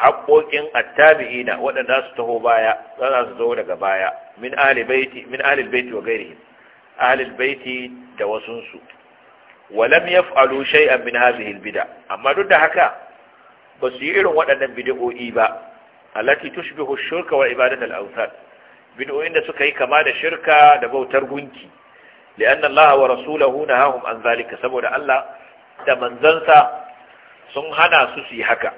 haƙƙoƙin attabi'ina waɗanda su taho baya za su zo daga baya min ahli baiti min ahli baiti wa ghairihim ahli baiti da wasunsu walam yaf'alu shay'an min hadhihi al-bid'a amma duk da haka ba su yi irin waɗannan bid'o'i ba allati tushbihu shirka wa al awthan bid'o'in da suka yi kama da shirka da bautar gunki li'anna Allah wa rasuluhu nahahum an zalika saboda Allah da manzansa sun hana su su yi haka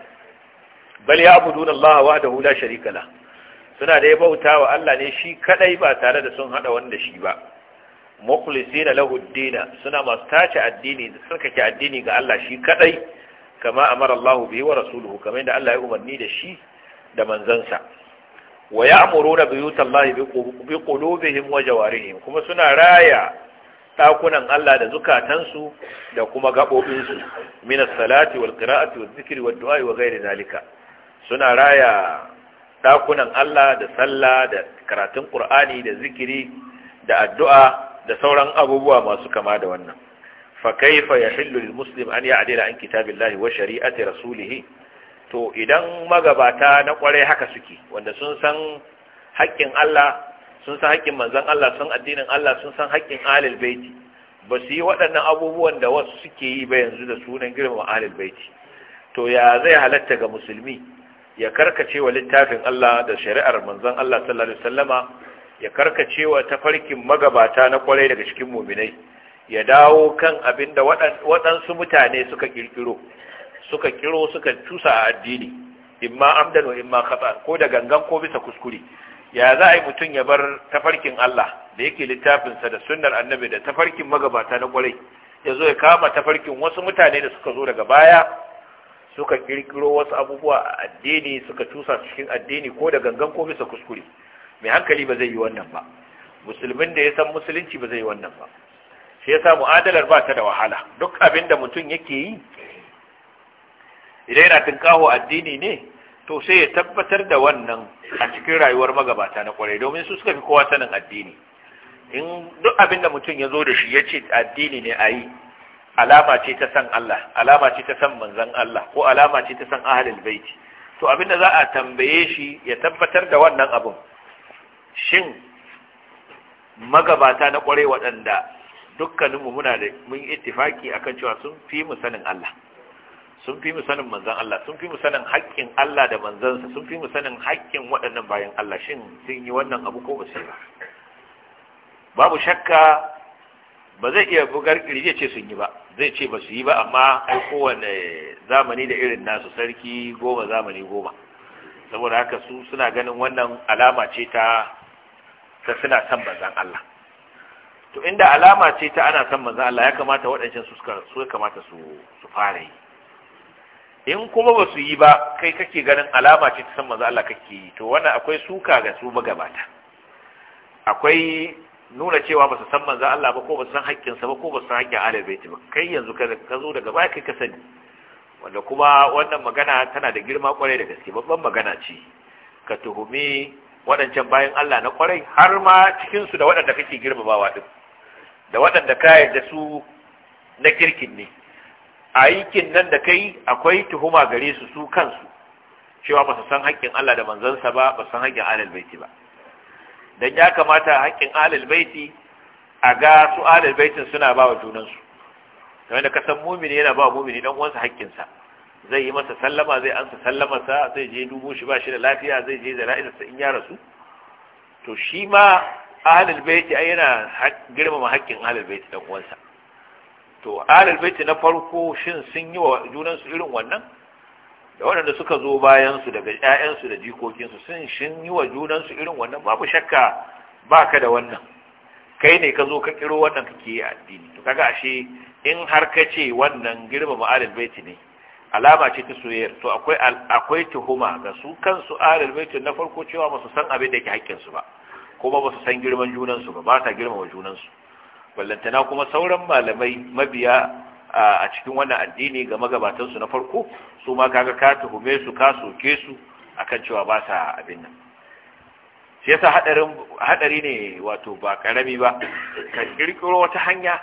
bal ya'buduna Allah wahdahu la sharika la suna da ya bauta wa Allah ne shi kadai ba tare da sun hada wanda shi ba mukhlisina lahu ad suna masu tace addini da sarkake addini ga Allah shi kadai kama amara Allah bihi wa rasuluhu kamar da Allah ya umarni da shi da manzansa wa ya'muruna biyutallahi bi qulubihim wa jawarihim kuma suna raya dakunan Allah da zukatansu da kuma gabobinsu min as-salati wal qira'ati waz zikri wad du'a wa ghairi zalika suna raya dakunan Allah da salla da karatun Qur'ani da zikiri da addu'a da sauran abubuwa masu kama da wannan fa kaifa للمسلم أن يعدل an كتاب an kitabillahi wa shari'ati rasulih to idan magabata na kwarai haka suke wanda sun san haƙƙin Allah sun san haƙƙin manzon Allah sun addinin Allah sun san haƙƙin ahlul baiti ba su yi waɗannan abubuwan da wasu suke yi ba yanzu da sunan girma ahlul baiti to ya zai halatta ga musulmi ya karkace wa littafin Allah da shari'ar manzon Allah sallallahu alaihi wasallama ya karkace wa tafarkin magabata na kwarai daga cikin muminai ya dawo kan abin da waɗansu mutane suka ƙirƙiro suka ƙiro suka cusa a addini imma amdano in imma kafa ko da gangan ko bisa kuskure ya za a yi mutum ya bar tafarkin Allah da yake littafinsa da sunnar annabi da tafarkin magabata na kwarai ya zo ya kama tafarkin wasu mutane da suka zo daga baya suka ƙirƙiro wasu abubuwa a addini suka cusa cikin addini ko da gangan ko bisa kuskure mai hankali ba zai yi wannan ba musulmin da ya san musulunci ba zai yi wannan ba sai yasa mu'adalar ba ta da wahala duk abin da mutum yake yi idan yana tunkaho addini ne to sai ya tabbatar da wannan a cikin rayuwar magabata na kwarai domin su suka fi kowa sanin addini in duk abin da mutum ya zo da shi ya ce addini ne a yi alama ce ta san Allah alama ce ta san manzan Allah ko alama ce ta san ahalin baiti to abin da za a tambaye shi ya tabbatar da wannan abin shin magabata na kwarai waɗanda dukkaninmu muna da mun ittifaki akan cewa sun fi mu sanin Allah sun fi mu sanin manzon Allah sun fi mu sanin haƙƙin Allah da manzansa sun fi mu sanin haƙƙin waɗannan bayan Allah shin sun yi wannan abu ko ba su ba babu shakka ba zai iya bugar kirje ce sun yi ba zai ce ba su yi ba amma ai kowane zamani da irin nasu sarki goma zamani goma saboda haka su suna ganin wannan alama ce ta ta suna san manzon Allah to inda alama ce ta ana san manzon Allah ya kamata waɗancan su suka kamata su su fara yi in kuma ba su yi ba kai kake ganin alama ce ta san manzon Allah kake yi to wannan akwai suka ga su magabata akwai nuna cewa ba su san manzon Allah ba ko ba su san haƙƙinsa ba ko ba su san haƙƙin Ahlul Bait ba kai yanzu ka zo daga baya kai ka sani wanda kuma wannan magana tana da girma kwarai da gaske babban magana ce ka tuhumi waɗancan bayan Allah na kwarai har ma cikinsu da waɗanda kake girmamawa ɗin da waɗanda ka yarda su na kirkin ne a yikin nan da kai akwai tuhuma gare su su kansu cewa ba su san haƙƙin Allah da manzansa ba ba san haƙƙin alal baiti ba dan ya kamata haƙƙin alal baiti a ga su alal baitin suna ba wa junansu kamar da kasan mumini yana ba mumini dan uwansa haƙƙinsa zai yi masa sallama zai ansa sa, zai je dubo shi ba shi da lafiya zai je jana'izarsa in ya rasu to shi ma ahalil baiti ai yana girmama haƙƙin ahalil baiti dan uwansa to ahalil baiti na farko shin sun yi wa junan su irin wannan da waɗanda suka zo bayan su daga ƴaƴan su da jikokin su sun shin yi wa junan su irin wannan babu shakka baka da wannan kai ne ka zo ka kiro wannan kake yi addini to kaga ashe in har ka ce wannan girmama ahalil baiti ne alama ce ta soyayyar to akwai akwai tuhuma ga su kansu ahalil baiti na farko cewa ba su san abin da yake haƙƙin su ba kuma ba su san girman junansu ba ba sa girmama junansu ballantana kuma sauran malamai mabiya a cikin wannan addini ga magabatansu na farko su ma kaga ka tuhume su ka soke su akan cewa ba sa abin nan shi yasa hadari ne wato ba karami ba ka kirkiro wata hanya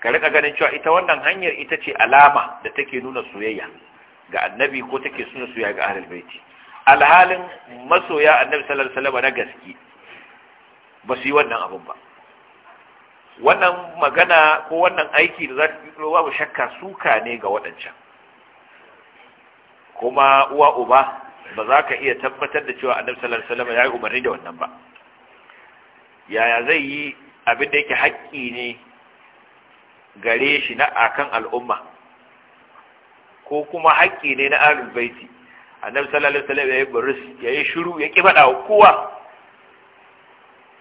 ka rika ganin cewa ita wannan hanyar ita ce alama da take nuna soyayya ga annabi ko take suna soyayya ga ahlul baiti alhalin masoya annabi sallallahu alaihi wasallam na gaske ba su yi wannan abin ba wannan magana ko wannan aiki da za ta ba babu shakka suka ne ga waɗancan kuma uwa uba ba za ka iya tabbatar da cewa annabi sallallahu alaihi ya yi umarni da wannan ba yaya zai yi abin da yake haƙƙi ne gare shi na akan al'umma ko kuma haƙƙi ne na ahlul baiti annabi sallallahu alaihi wasallam ya yi buris ya yi shiru ya ki faɗawa kowa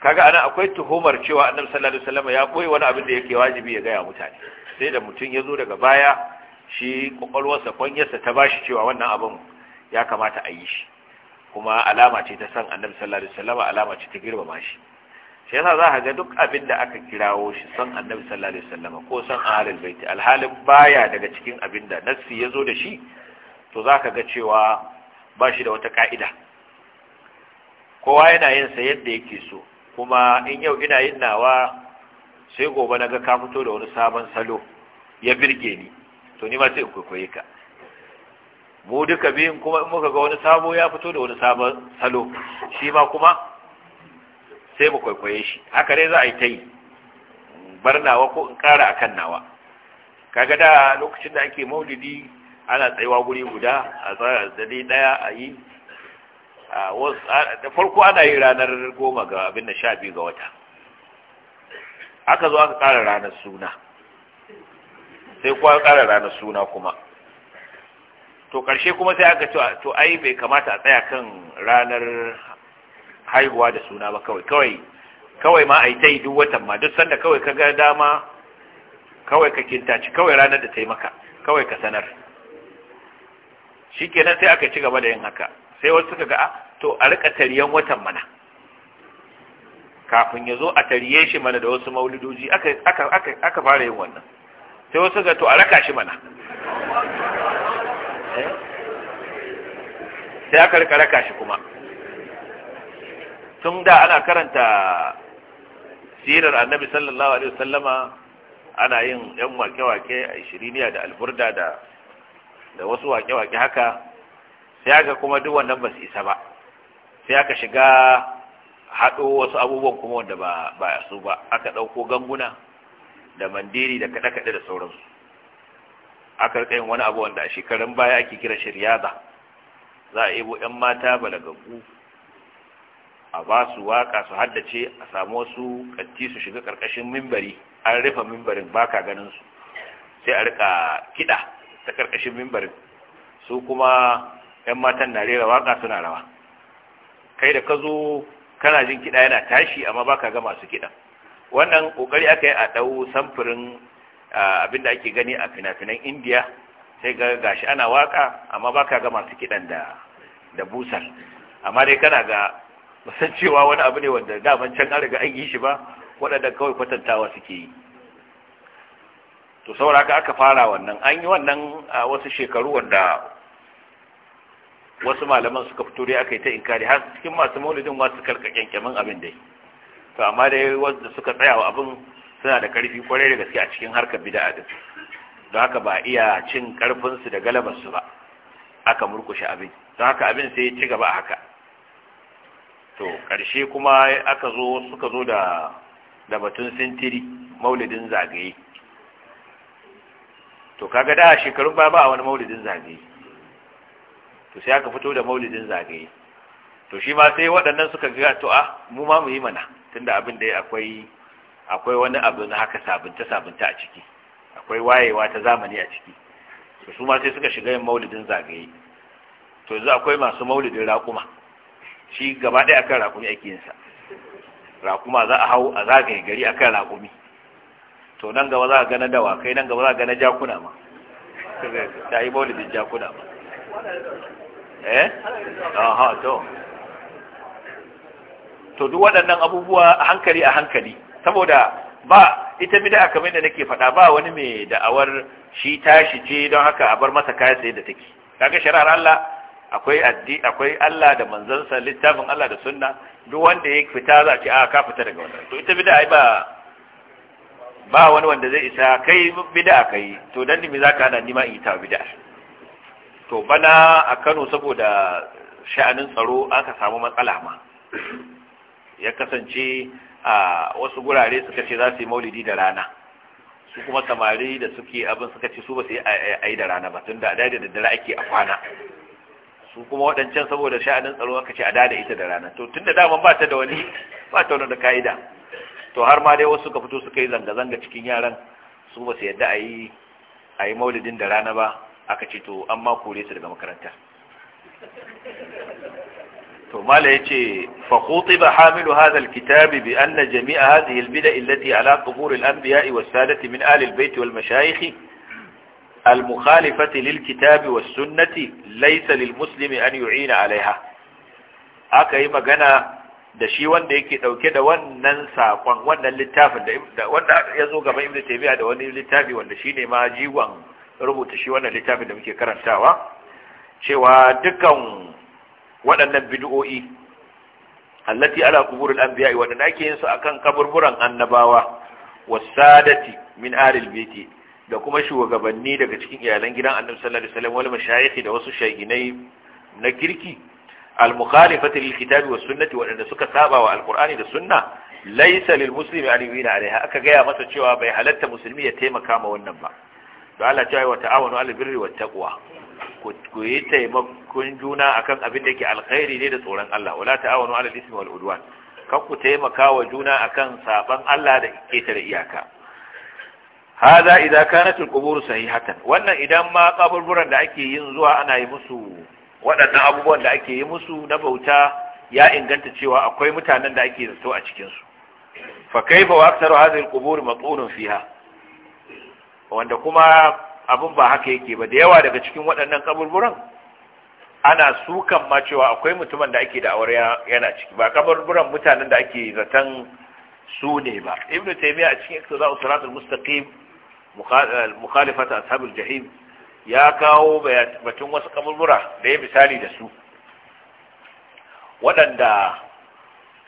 kaga anan akwai tuhumar cewa annabi sallallahu alaihi wasallam ya koyi wani abin da yake wajibi ya gaya mutane sai da mutum ya zo daga baya shi kwakwalwarsa kwanyarsa ta bashi cewa wannan abin ya kamata a yi shi kuma alama ce ta san annabi sallallahu alaihi wasallam alama ce ta girmama shi Sai yasa za ka ga duk abin da aka kirawo shi san annabi sallallahu alaihi wasallam ko san ahlul baiti alhalin baya daga cikin abin da nassi yazo da shi to za ka ga cewa ba shi da wata ka'ida kowa yana yin sa yadda yake so kuma in yau ina yin nawa sai gobe na ga ka fito da wani sabon salo ya birge ni to ni ma sai in kwaikwaye ka mu duka biyun kuma in muka ga wani sabo ya fito da wani sabon salo shi ma kuma sai mu kwaikwaye shi haka dai za a yi ta yi bar nawa ko in kara a kan nawa Ka ga da lokacin da ake maulidi ana tsayuwa guri guda a tsaya daya a yi da farko ana yi ranar goma ga abin da sha biyu ga wata aka zo aka kara ranar suna sai kuwa kara ranar suna kuma to ƙarshe kuma sai aka ce to ai bai kamata a tsaya kan ranar haihuwa da suna ba kawai kawai kawai ma a yi ta yi duk watan ma duk sanda kawai ka ga dama kawai ka kintaci kawai ranar da ta yi maka kawai ka sanar shi kenan sai aka ci gaba da yin haka Ah, sai wasu suka ga to a rika tariyan watan mana kafin ya zo a tariye shi mana da wasu maulidoji aka fara yin wannan sai wasu ga to a raka shi mana eh? sai aka rika raka shi kuma tun da ana karanta sirar annabi sallallahu alaihi wasallama ana yin yan wake-wake a shiriniya da alburda da wasu wake-wake haka sai aka kuma duk wannan ba su isa ba sai aka shiga haɗo wasu abubuwan kuma wanda ba a su ba aka ɗauko ganguna da mandiri da kaɗe-kaɗe da sauransu aka rikayin wani abu wanda a shekarun baya ake kira shirya za a ibo 'yan mata ba balagaggu a ba su waka su haddace a samu wasu kanti su shiga ƙarƙashin mimbari an rufe mimbarin baka ganin su sai a rika kiɗa ta ƙarƙashin mimbarin su kuma yan matan na rera waka suna rawa kai da ka zo kana jin kiɗa yana tashi amma baka ga masu kiɗan wannan kokari aka yi a ɗau samfurin abin da ake gani a fina-finan indiya sai ga gashi ana waka amma baka ga masu kiɗan da da busar amma dai kana ga musan cewa wani abu ne wanda daman can an riga an yi shi ba waɗanda kawai kwatantawa suke yi to sauraka aka fara wannan an yi wannan a wasu shekaru wanda wasu malaman suka fito dai aka yi ta inkari har cikin masu maulidin ma su karka kyankyamin abin dai to amma dai wanda suka tsaya wa abin suna da karfi kwarai da gaske a cikin harkar bid'a din don haka ba iya cin karfin su da galabar su ba aka murkushe abin don haka abin sai ya ci gaba haka to karshe kuma aka zo suka zo da da batun sintiri maulidin zagaye to kaga da shekarun baya ba a wani maulidin zagaye to sai aka fito da maulidin zagaye to shi ma sai waɗannan suka ga to a ah, mu ma mu yi mana tunda abin da akwai akwai wani abu na haka sabunta sabunta a ciki akwai wayewa ta zamani a ciki to su ma sai suka shiga yin maulidin zagaye to yanzu akwai masu maulidin raƙuma shi gaba ɗaya akan raƙumi ake yin sa raƙuma za a hau a zagaye gari akan raƙumi to nan gaba za a ga na dawakai nan gaba za a ga na jakuna ma ta yi maulidin jakuna ma eh aha to to duk waɗannan abubuwa a hankali a hankali saboda ba ita bid'a kamar da nake faɗa ba wani mai da'awar shi tashi ce don haka a bar masa kayan sai da take kaga shari'ar Allah akwai addi akwai Allah da manzansa littafin Allah da sunna duk wanda ya fita za a ce a ah, ka fita daga wannan to ita bid'a ba ba wani wanda zai isa kai bid'a kai to dan ni me zaka hana ni ma in yi ta bid'a to bana a kano saboda sha'anin tsaro aka samu matsala ma ya kasance a wasu gurare suka ce za su yi maulidi da rana su kuma samari da suke abin suka ce su ba su yi a da rana ba tun da da daddare ake a kwana su kuma waɗancan saboda sha'anin tsaro aka ce a da ita da rana to tun da daman ba ta da wani ba ta wani da ka'ida to har ma dai wasu ka fito suka yi zanga-zanga cikin yaran su ba su yadda a yi maulidin da rana ba aka ce to an ma kore su daga makaranta to mala yace fa khutiba hamilu hazal kitabi bi anna jami'a hazi albida illati ala an biya was-sadati min alil baiti wal-mashayikh المخالفة للكتاب والسنة ليس للمسلم an yu'ina عليها aka yi magana da shi wanda yake dauke da wannan saƙon, wannan littafin da wanda ya zo gaba ibnu taymiya da wani littafi wanda shine ma jigon rubuta shi wannan littafin da muke karantawa cewa dukkan waɗannan bid'o'i allati ala quburil anbiya'i wadanda ake yin su akan kaburburan annabawa wasadati min ahlil baiti da kuma shugabanni daga cikin iyalan gidan annabi sallallahu alaihi wasallam wal mashayikh da wasu shayginai na kirki al mukhalifati lil kitabi was sunnati waɗanda suka saba wa alqur'ani da sunna laysa lil muslimi an yu'ina alaiha aka gaya masa cewa bai halatta musulmi ya taimaka ma wannan ba da Allah ta yi wa ta'awanu alal birri taqwa ku yi taimakon juna akan abin da yake alkhairi ne da tsoron Allah wala ta'awanu ala ismi wal udwan kan ku taimaka wa juna akan saban Allah da tare iyaka hada idan kanat alqubur sahihatan wannan idan ma kaburburan da ake yin zuwa ana yi musu waɗannan abubuwan da ake yi musu na bauta ya inganta cewa akwai mutanen da ake zato a cikin su fa kaifa wa aktaru hadhihi alqubur mat'unun fiha wanda kuma abin ba haka yake ba da yawa daga cikin waɗannan kaburburan ana sukan ma cewa akwai mutumin da ake da'awar yana ciki ba kaburburan mutanen da ake zaton su ne ba ibnu taymiya a cikin iktiza'u siratul mustaqim mukhalifata ashabul jahim ya kawo batun wasu kaburbura da ya misali da su waɗanda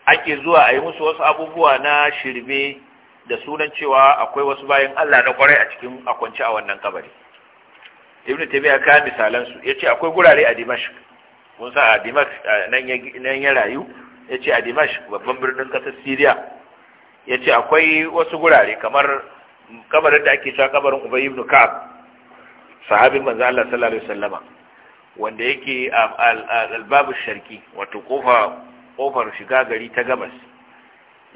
ake zuwa a yi musu wasu abubuwa na shirme da sunan cewa akwai wasu bayan Allah na kwarai a cikin akwanci a wannan kabari ibn taymiya ka misalan su yace akwai gurare a dimashq mun sa a dimashq nan ya nan ya rayu yace a dimashq babban birnin kasar Syria yace akwai wasu gurare kamar kabarin da ake cewa kabarin Ubay ibn Ka'ab sahabin manzo Allah sallallahu alaihi wasallama wanda yake al-babu sharqi wato kofa kofar shiga gari ta gabas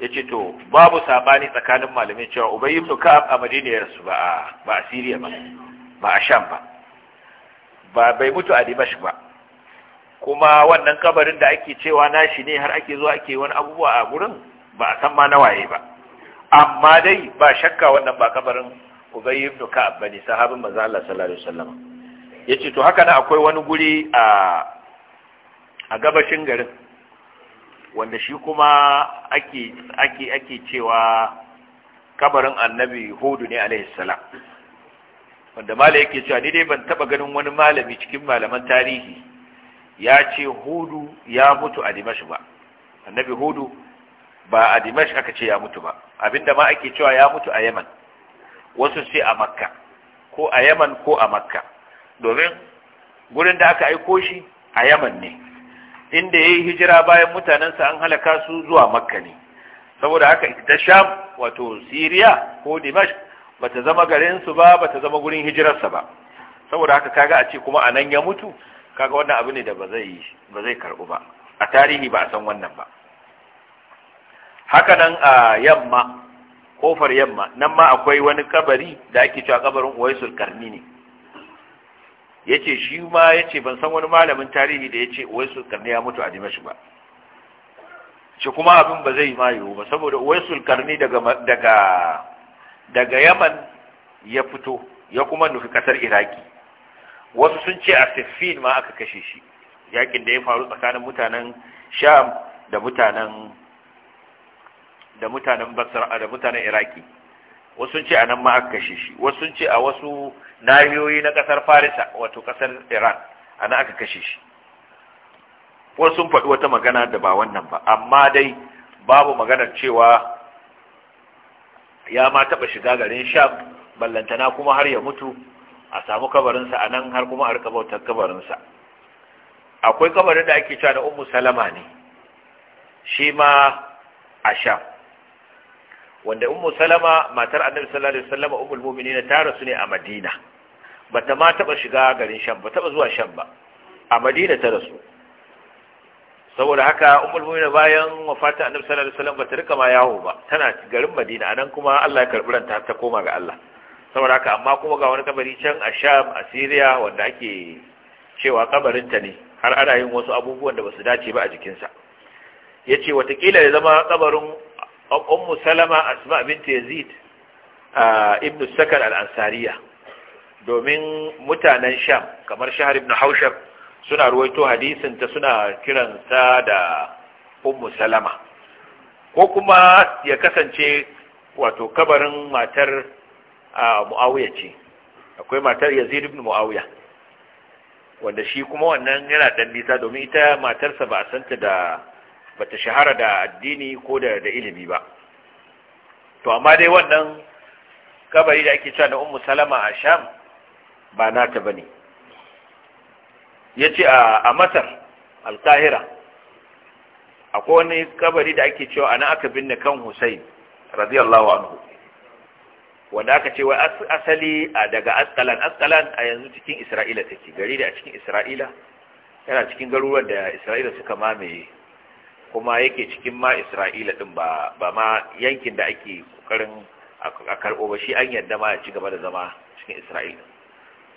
Ya ce to babu sabani tsakanin malamin cewa ubayi ibn ka'ab a madina ba a ba a siriya ba ba a sham ba ba bai mutu a dimash ba kuma wannan kabarin da ake cewa nashi ne har ake zuwa ake wani abubuwa a gurin ba a san ma na waye ba amma dai ba shakka wannan ba kabarin ubayi ibn ka'ab bane sahabin manzo Allah sallallahu alaihi wasallam yace to haka akwai wani guri a a gabashin garin wanda shi kuma ake ake cewa kabarin annabi hudu ne alaihi salam wanda malai yake cewa ni dai ban taba ganin wani malami cikin malaman tarihi ya ce hudu ya mutu a dimash ba annabi hudu ba a dimash aka ce ya mutu ba abinda ma ake cewa ya mutu a yaman wasu sai a makka ko a yaman ko a makka domin gurin da aka aiko shi a yaman ne inda yi hijira bayan mutanensa an halaka su zuwa makka ne saboda haka ita sham wato siriya ko dimashq bata zama garinsu su ba bata zama gurin hijirarsa ba saboda haka kaga a ce kuma nan ya mutu kaga wannan abu ne da ba zai ba ba a tarihi ba a san wannan ba haka nan a yamma kofar yamma nan ma akwai wani kabari da ake cewa kabarin Uwaisul Karni ne yace shi ma yace ban san wani malamin tarihi da yace Uwaisul Karni ya mutu a Dimashq ba shi kuma abin ba zai ma ba saboda Uwaisul Karni daga Yaman ya fito ya kuma nufi kasar Iraki wasu sun ce a Siffin ma aka kashe shi yakin da ya faru tsakanin mutanen Sham da mutanen Basra da mutanen Iraki wasu ce a nan ma aka kashe shi wasu ce a wasu nahiyoyi na kasar farisa wato kasar iran a aka kashe shi wasu sun faɗi wata magana da ba wannan ba amma dai babu maganar cewa ya ma taɓa shiga garin sham ballantana kuma har ya mutu a samu kabarinsa a nan har kuma a rika bautar kabarinsa akwai kabarin da ake cewa na ummu salama ne shi ma a sham wanda ummu salama matar annabi sallallahu alaihi wasallam ummul mu'minin ta rasu ne a madina bata ma taba shiga garin sham ba taba zuwa sham ba a madina ta rasu saboda haka ummul mu'minin bayan wafatar annabi sallallahu alaihi wasallam bata rika ma yawo ba tana garin madina anan kuma Allah ya karbi ranta ta koma ga Allah saboda haka amma kuma ga wani kabari can a sham a syria wanda ake cewa kabarinta ne har ana yin wasu abubuwan da basu dace ba a jikinsa ya ce watakila ya zama kabarin ummu salama asma bint yazid Ibnu sakar al-ansariya domin mutanen sham kamar shahar ibn haushab suna ruwaito hadisin ta suna kiransa da ummu salama ko kuma ya kasance wato kabarin matar muawiya ce akwai matar yazid ibn muawiya wanda shi kuma wannan yana dan nisa domin ita matarsa ba a santa da bata shahara da addini ko da da ilimi ba to amma dai wannan kabari da ake cewa na ummu salama a sham ba nata bane yace a a masar al akwai wani kabari da ake cewa ana aka binne kan husayn radiyallahu anhu wanda aka ce wai asali daga askalan askalan a yanzu cikin isra'ila take gari da a cikin isra'ila yana cikin garuruwan da isra'ila suka mamaye kuma yake cikin ma isra'ila din ba ba ma yankin da ake kokarin a karɓo ba shi an yadda ma ya ci gaba da zama cikin isra'ila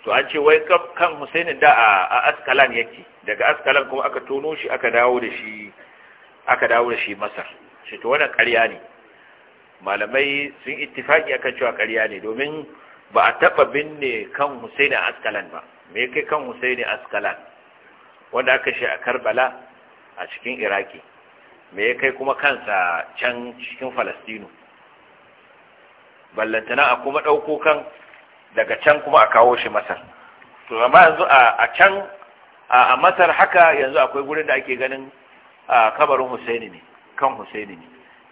to an ce wai kan husaini da a askalan yake daga askalan kuma aka tono shi aka dawo da shi aka dawo da shi masar shi to wannan ƙarya ne malamai sun ittifaki akan cewa ƙarya ne domin ba a taɓa binne kan husaini a askalan ba me kai kan husaini askalan wanda aka shi a karbala a cikin iraki me ya kai kuma kansa can cikin falastino ballantana a kuma ɗauko kan daga can kuma a kawo shi masar to amma yanzu a can a masar haka yanzu akwai gurin da ake ganin kabarin husaini ne kan husaini ne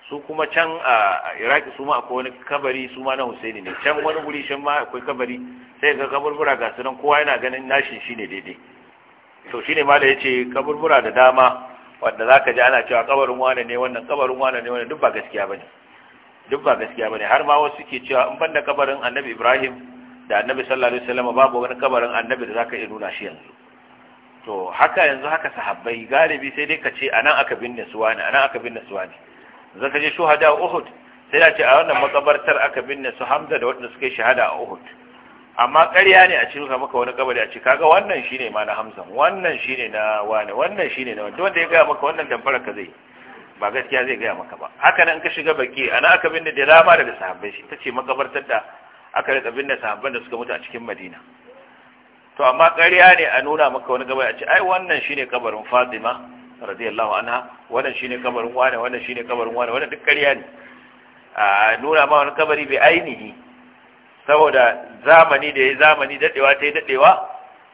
su kuma can a iraki su ma akwai wani kabari su ma na husaini ne can wani guri shan ma akwai kabari sai ga kaburbura ga sunan kowa yana ganin nashi shi ne daidai to shi ne ma da ya ce kaburbura da dama wanda za ka ji ana cewa kabarin wane ne wannan kabarin wane ne wannan duk ba gaskiya ba ne duk ba gaskiya ba ne har ma wasu ke cewa in banda kabarin annabi ibrahim da annabi sallallahu alaihi wasallam babu wani kabarin annabi da za ka iya nuna shi yanzu to haka yanzu haka sahabbai galibi sai dai ka ce anan aka binne su a anan aka binne su za zaka je shuhada uhud sai da ce a wannan makabartar aka binne su hamza da wanda suka yi shahada a uhud amma ƙarya ne a ce ka maka wani kabari a ce kaga wannan shine ma na hamza wannan shine na wane wannan shine na wani wanda ya gaya maka wannan damfara ka zai ba gaskiya zai gaya maka ba haka nan ka shiga baki ana aka binne da daga sahabbai shi tace makabartar da aka rika binne sahabban da suka mutu a cikin Madina to amma ƙarya ne a nuna maka wani kabari a ce ai wannan shine kabarin Fatima radiyallahu anha wannan shine kabarin wane wannan shine kabarin wane wannan duk ƙarya ne a nuna ma wani kabari bai ainihi saboda zamani da ya zamani daɗewa ta yi daɗewa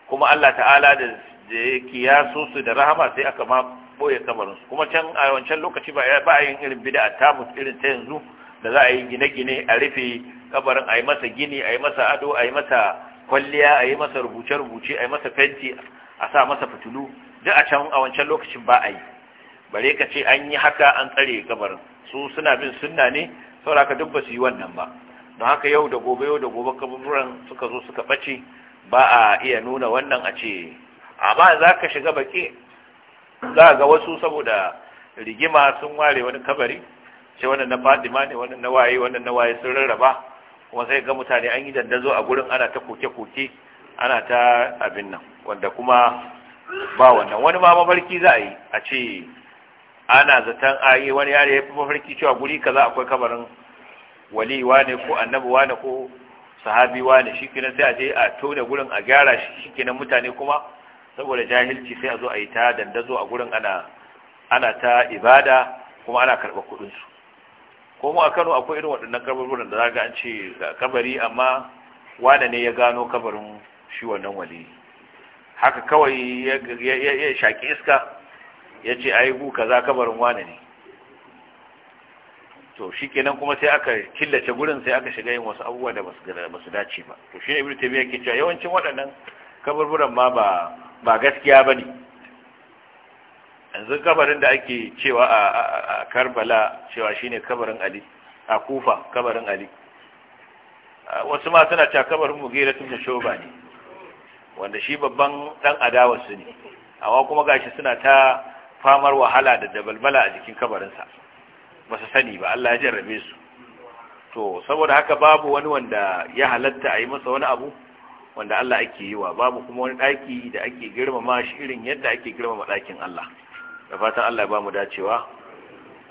kuma Allah ta'ala da yake ya su da rahama sai aka ma boye kabarin kuma can a wancan lokaci ba ba yin irin bid'a ta mu irin ta yanzu da za a yi gine-gine a rufe kabarin a yi masa gini a yi masa ado a yi masa kwalliya a yi masa rubuce-rubuce a yi masa fenti a sa masa fitilu duk a can a wancan lokacin ba a yi bare ka ce an yi haka an tsare kabarin su suna bin sunna ne saboda ka duk ba su yi wannan ba don haka yau da gobe yau da gobe kaburburan suka zo suka ɓace ba a iya nuna wannan a ce amma za ka shiga baƙi za ga wasu saboda rigima sun ware wani kabari ce wannan na fadima ne wannan na waye wannan na waye sun rarraba kuma sai ga mutane an yi dandazo a gurin ana ta koke-koke ana ta abin nan wanda kuma ba wannan wani ma mafarki za a yi a ce ana zaton a yi wani yare ya fi mafarki cewa guri kaza akwai kabarin wali wane ko annabi wane ko sahabi wane shikenan sai a je a tona gurin a gyara shi shikenan mutane kuma saboda jahilci sai a zo a yi ta dandazo a gurin ana ana ta ibada kuma ana karɓar kuɗin su ko mu a Kano akwai irin waɗannan kabarin da zaka an ce ga kabari amma wane ne ya gano kabarin shi wannan wali haka kawai ya shaki iska ya ce ai gu kaza kabarin wane ne to shikenan kuma sai aka killace gurin sai aka shiga yin wasu abubuwa da basu dace ba to shine ibnu taymiya yake cewa yawancin waɗannan kaburburan ma ba ba gaskiya bane yanzu kabarin da ake cewa a Karbala cewa shine kabarin Ali a Kufa kabarin Ali wasu ma suna cewa kabarin Mughira tun shoba ne wanda shi babban dan adawa su ne amma kuma gashi suna ta famar wahala da dabalbala a jikin kabarinsa ba su sani ba Allah ya jarrabe su to saboda haka babu wani wanda ya halatta a yi masa wani abu wanda Allah ake yi wa babu kuma wani ɗaki da ake girmama shi irin yadda ake girmama ɗakin Allah da fatan Allah ba mu dacewa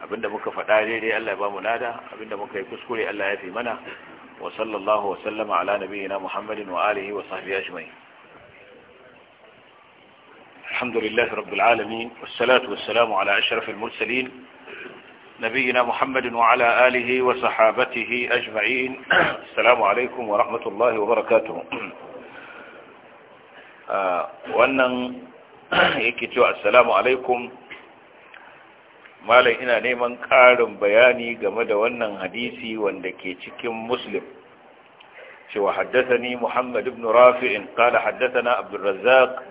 abinda muka faɗa daidai Allah ba mu lada abinda muka yi kuskure Allah ya fi mana wa sallallahu wa sallama ala nabiyyina Muhammadin wa alihi wa sahbihi ajma'in alhamdulillahi rabbil alamin was salatu ala ashrafil mursalin نبينا محمد وعلى آله وصحابته أجمعين السلام عليكم ورحمة الله وبركاته wannan yake cewa assalamu alaikum malam ina neman ƙarin bayani game da wannan hadisi wanda ke cikin muslim cewa haddathani muhammad ibn rafi'in qala haddathana abdurrazzaq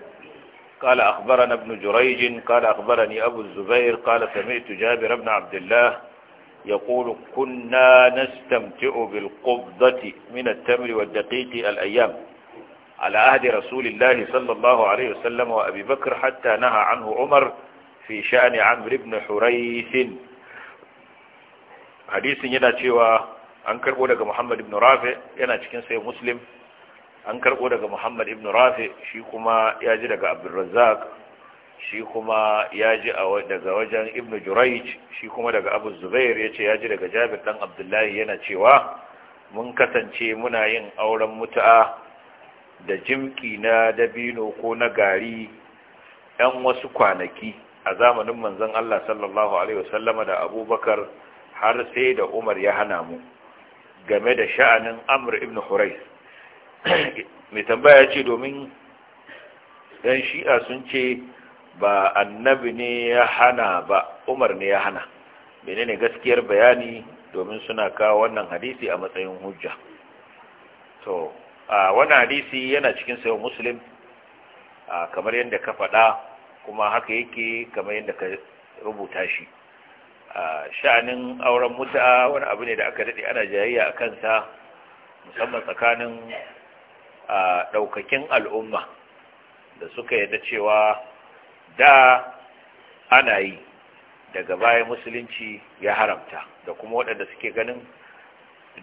قال أخبرنا ابن جريج قال أخبرني أبو الزبير قال سمعت جابر بن عبد الله يقول كنا نستمتع بالقبضة من التمر والدقيق الأيام على عهد رسول الله صلى الله عليه وسلم وأبي بكر حتى نهى عنه عمر في شأن عمرو بن حريث حديث ينا تشيوى أنكر karbo محمد بن رافع Rafi yana cikin an karɓo daga muhammad ibn rafi shi kuma ya ji daga abdulrazzaq shi kuma ya ji daga wajen ibn jurayj shi kuma daga abu zubair ya ce ya ji daga jabir dan abdullahi yana cewa mun kasance muna yin auren mutu'a da jimki na dabino ko na gari ɗan wasu kwanaki a zamanin manzon Allah sallallahu alaihi wasallama da abubakar har sai da umar ya hana mu game da sha'anin amr ibn hurais mai tambaya ce domin ɗan shi'a sun ce ba annabi ne ya hana ba umar ne ya hana menene gaskiyar bayani domin suna kawo wannan hadisi a matsayin hujja to a wannan hadisi yana cikin sayo muslim kamar yadda ka faɗa kuma haka yake kamar yadda ka rubuta shi sha'anin auren mutu'a wani abu ne da aka daɗe ana jayayya a kansa musamman tsakanin A ɗaukakin al'umma da suka yarda cewa da ana yi daga baya musulunci ya haramta da kuma waɗanda suke ganin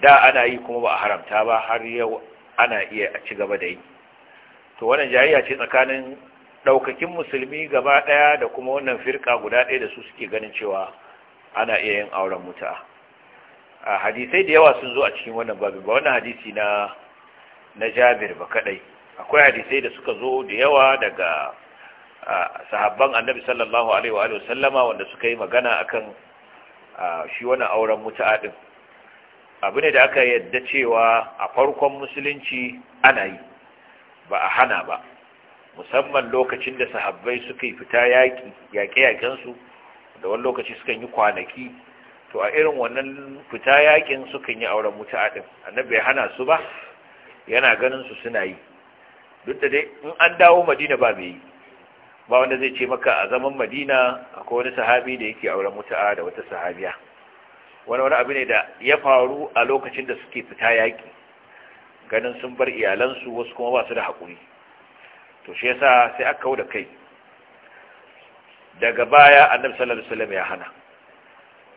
da ana yi kuma ba a haramta ba har yau ana iya a ci gaba da yi to wannan jayayya ce tsakanin ɗaukakin musulmi gaba ɗaya da kuma wannan firka guda ɗaya da su suke ganin cewa ana iya yin auren mutu'a hadisai da yawa sun zo a cikin wannan babin ba wannan hadisi na na jabir ba kadai akwai hadisai da suka zo da yawa daga sahabban annabi sallallahu alaihi wa sallama wanda suka yi magana akan shi wani auren mutu'a din abu ne da aka yadda cewa a farkon musulunci ana yi ba a hana ba musamman lokacin da sahabbai suka yi fita yaƙi yaƙe-yaƙensu da wani lokaci sukan yi kwanaki to a irin wannan fita yaƙin sukan yi auren mutu'a din annabi ya hana su ba yana ganin su suna yi duk da dai in an dawo madina ba mai yi ba wanda zai ce maka a zaman madina akwai wani sahabi da yake auren mutu'a da wata sahabiya wani wani abu ne da ya faru a lokacin da suke fita yaƙi ganin sun bar iyalansu wasu kuma ba su da haƙuri to shi yasa sai aka kawo da kai daga baya annabi sallallahu alaihi wasallam ya hana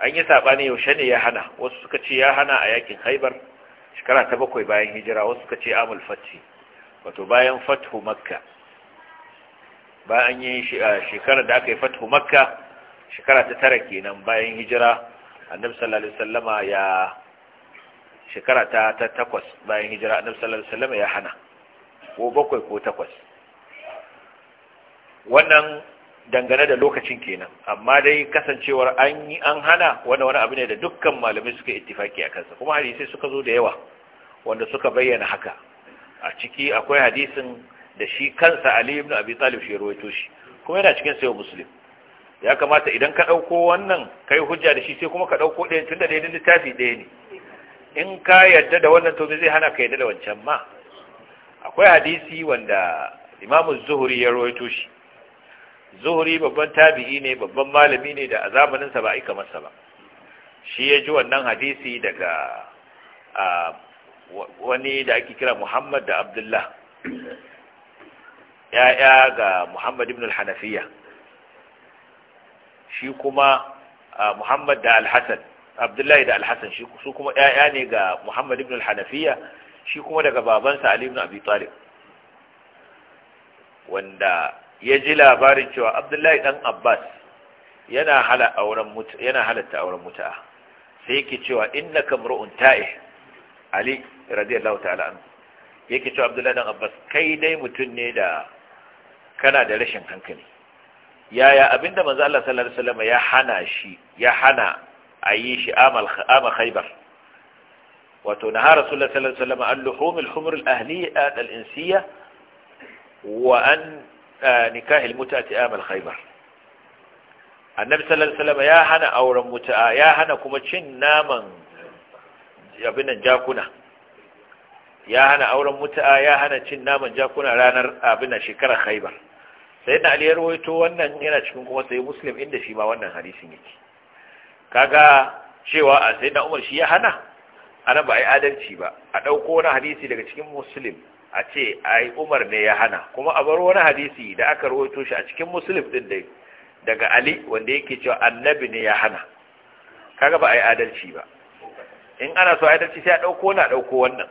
an yi sabani yaushe ne ya hana wasu suka ce ya hana a yakin haibar shekara ta bakwai bayan hijira wasu suka ce amul fati wato bayan fathu makka bayan yin ah, shekarar da aka yi fathu makka shekara ta tara kenan bayan hijira annabi sallallahu alaihi wasallama ya shekara ta ta takwas bayan hijira annabi sallallahu alaihi wasallama ya hana ko bakwai ko takwas wannan dangane da lokacin kenan amma dai kasancewar an yi an hana wani wani abu ne da dukkan malamai suka ittifaki a kansa kuma hadisai suka zo da yawa wanda suka bayyana haka a ciki akwai hadisin da shi kansa Ali ibn Abi Talib shi rawaito shi kuma yana cikin sayyid Muslim ya kamata idan ka dauko wannan kai hujja da shi sai kuma ka dauko ɗayan tunda da yadda littafi ɗaya ne in ka yadda da wannan to zai hana ka yadda da wancan ma akwai hadisi wanda Imam Az-Zuhri ya rawaito shi zuhuri babban tabi'i ne babban malami ne da a zamaninsa ba aika masa ba shi ya ji wannan hadisi daga wani da ake kira muhammad da abdullah ya'ya ga muhammad ibn al-hanafiya shi kuma muhammad da al-hassan abdullahi da al-hassan su kuma ya'ya ne ga muhammad ibn al-hanafiya shi kuma daga babansa ali ibn abi talib wanda ya ji labarin cewa abdullahi dan abbas yana halatta auren mutu'a sai yake cewa innaka mar'un ta'ih ali radiyallahu ta'ala anhu yake cewa abdullahi dan abbas kai dai mutum ne da kana da rashin hankali yaya abinda manzo Allah sallallahu alaihi wasallam ya hana shi ya hana ayi shi amal ama khaybar wato naha rasulullah sallallahu alaihi wasallam al-luhum al-humr al-ahliyya al-insiyya wa an nikahil mutati amal khaybar annabi sallallahu alaihi wasallam ya hana auren mutu'a ya hana kuma cin naman abin jakuna ya hana auren mutu'a ya hana cin naman jakuna ranar abin nan shekarar khaybar sai na aliyar waito wannan yana cikin kuma sai muslim inda shi ma wannan hadisin yake kaga cewa a sai na umar shi ya hana anan ba ai adalci ba a dauko wani hadisi daga cikin muslim a ce ai umar ne ya hana kuma a bar wani hadisi da aka rawaito shi a cikin muslim din dai daga ali wanda yake cewa annabi ne ya hana kaga ba ai adalci ba in ana so adalci sai a dauko na dauko wannan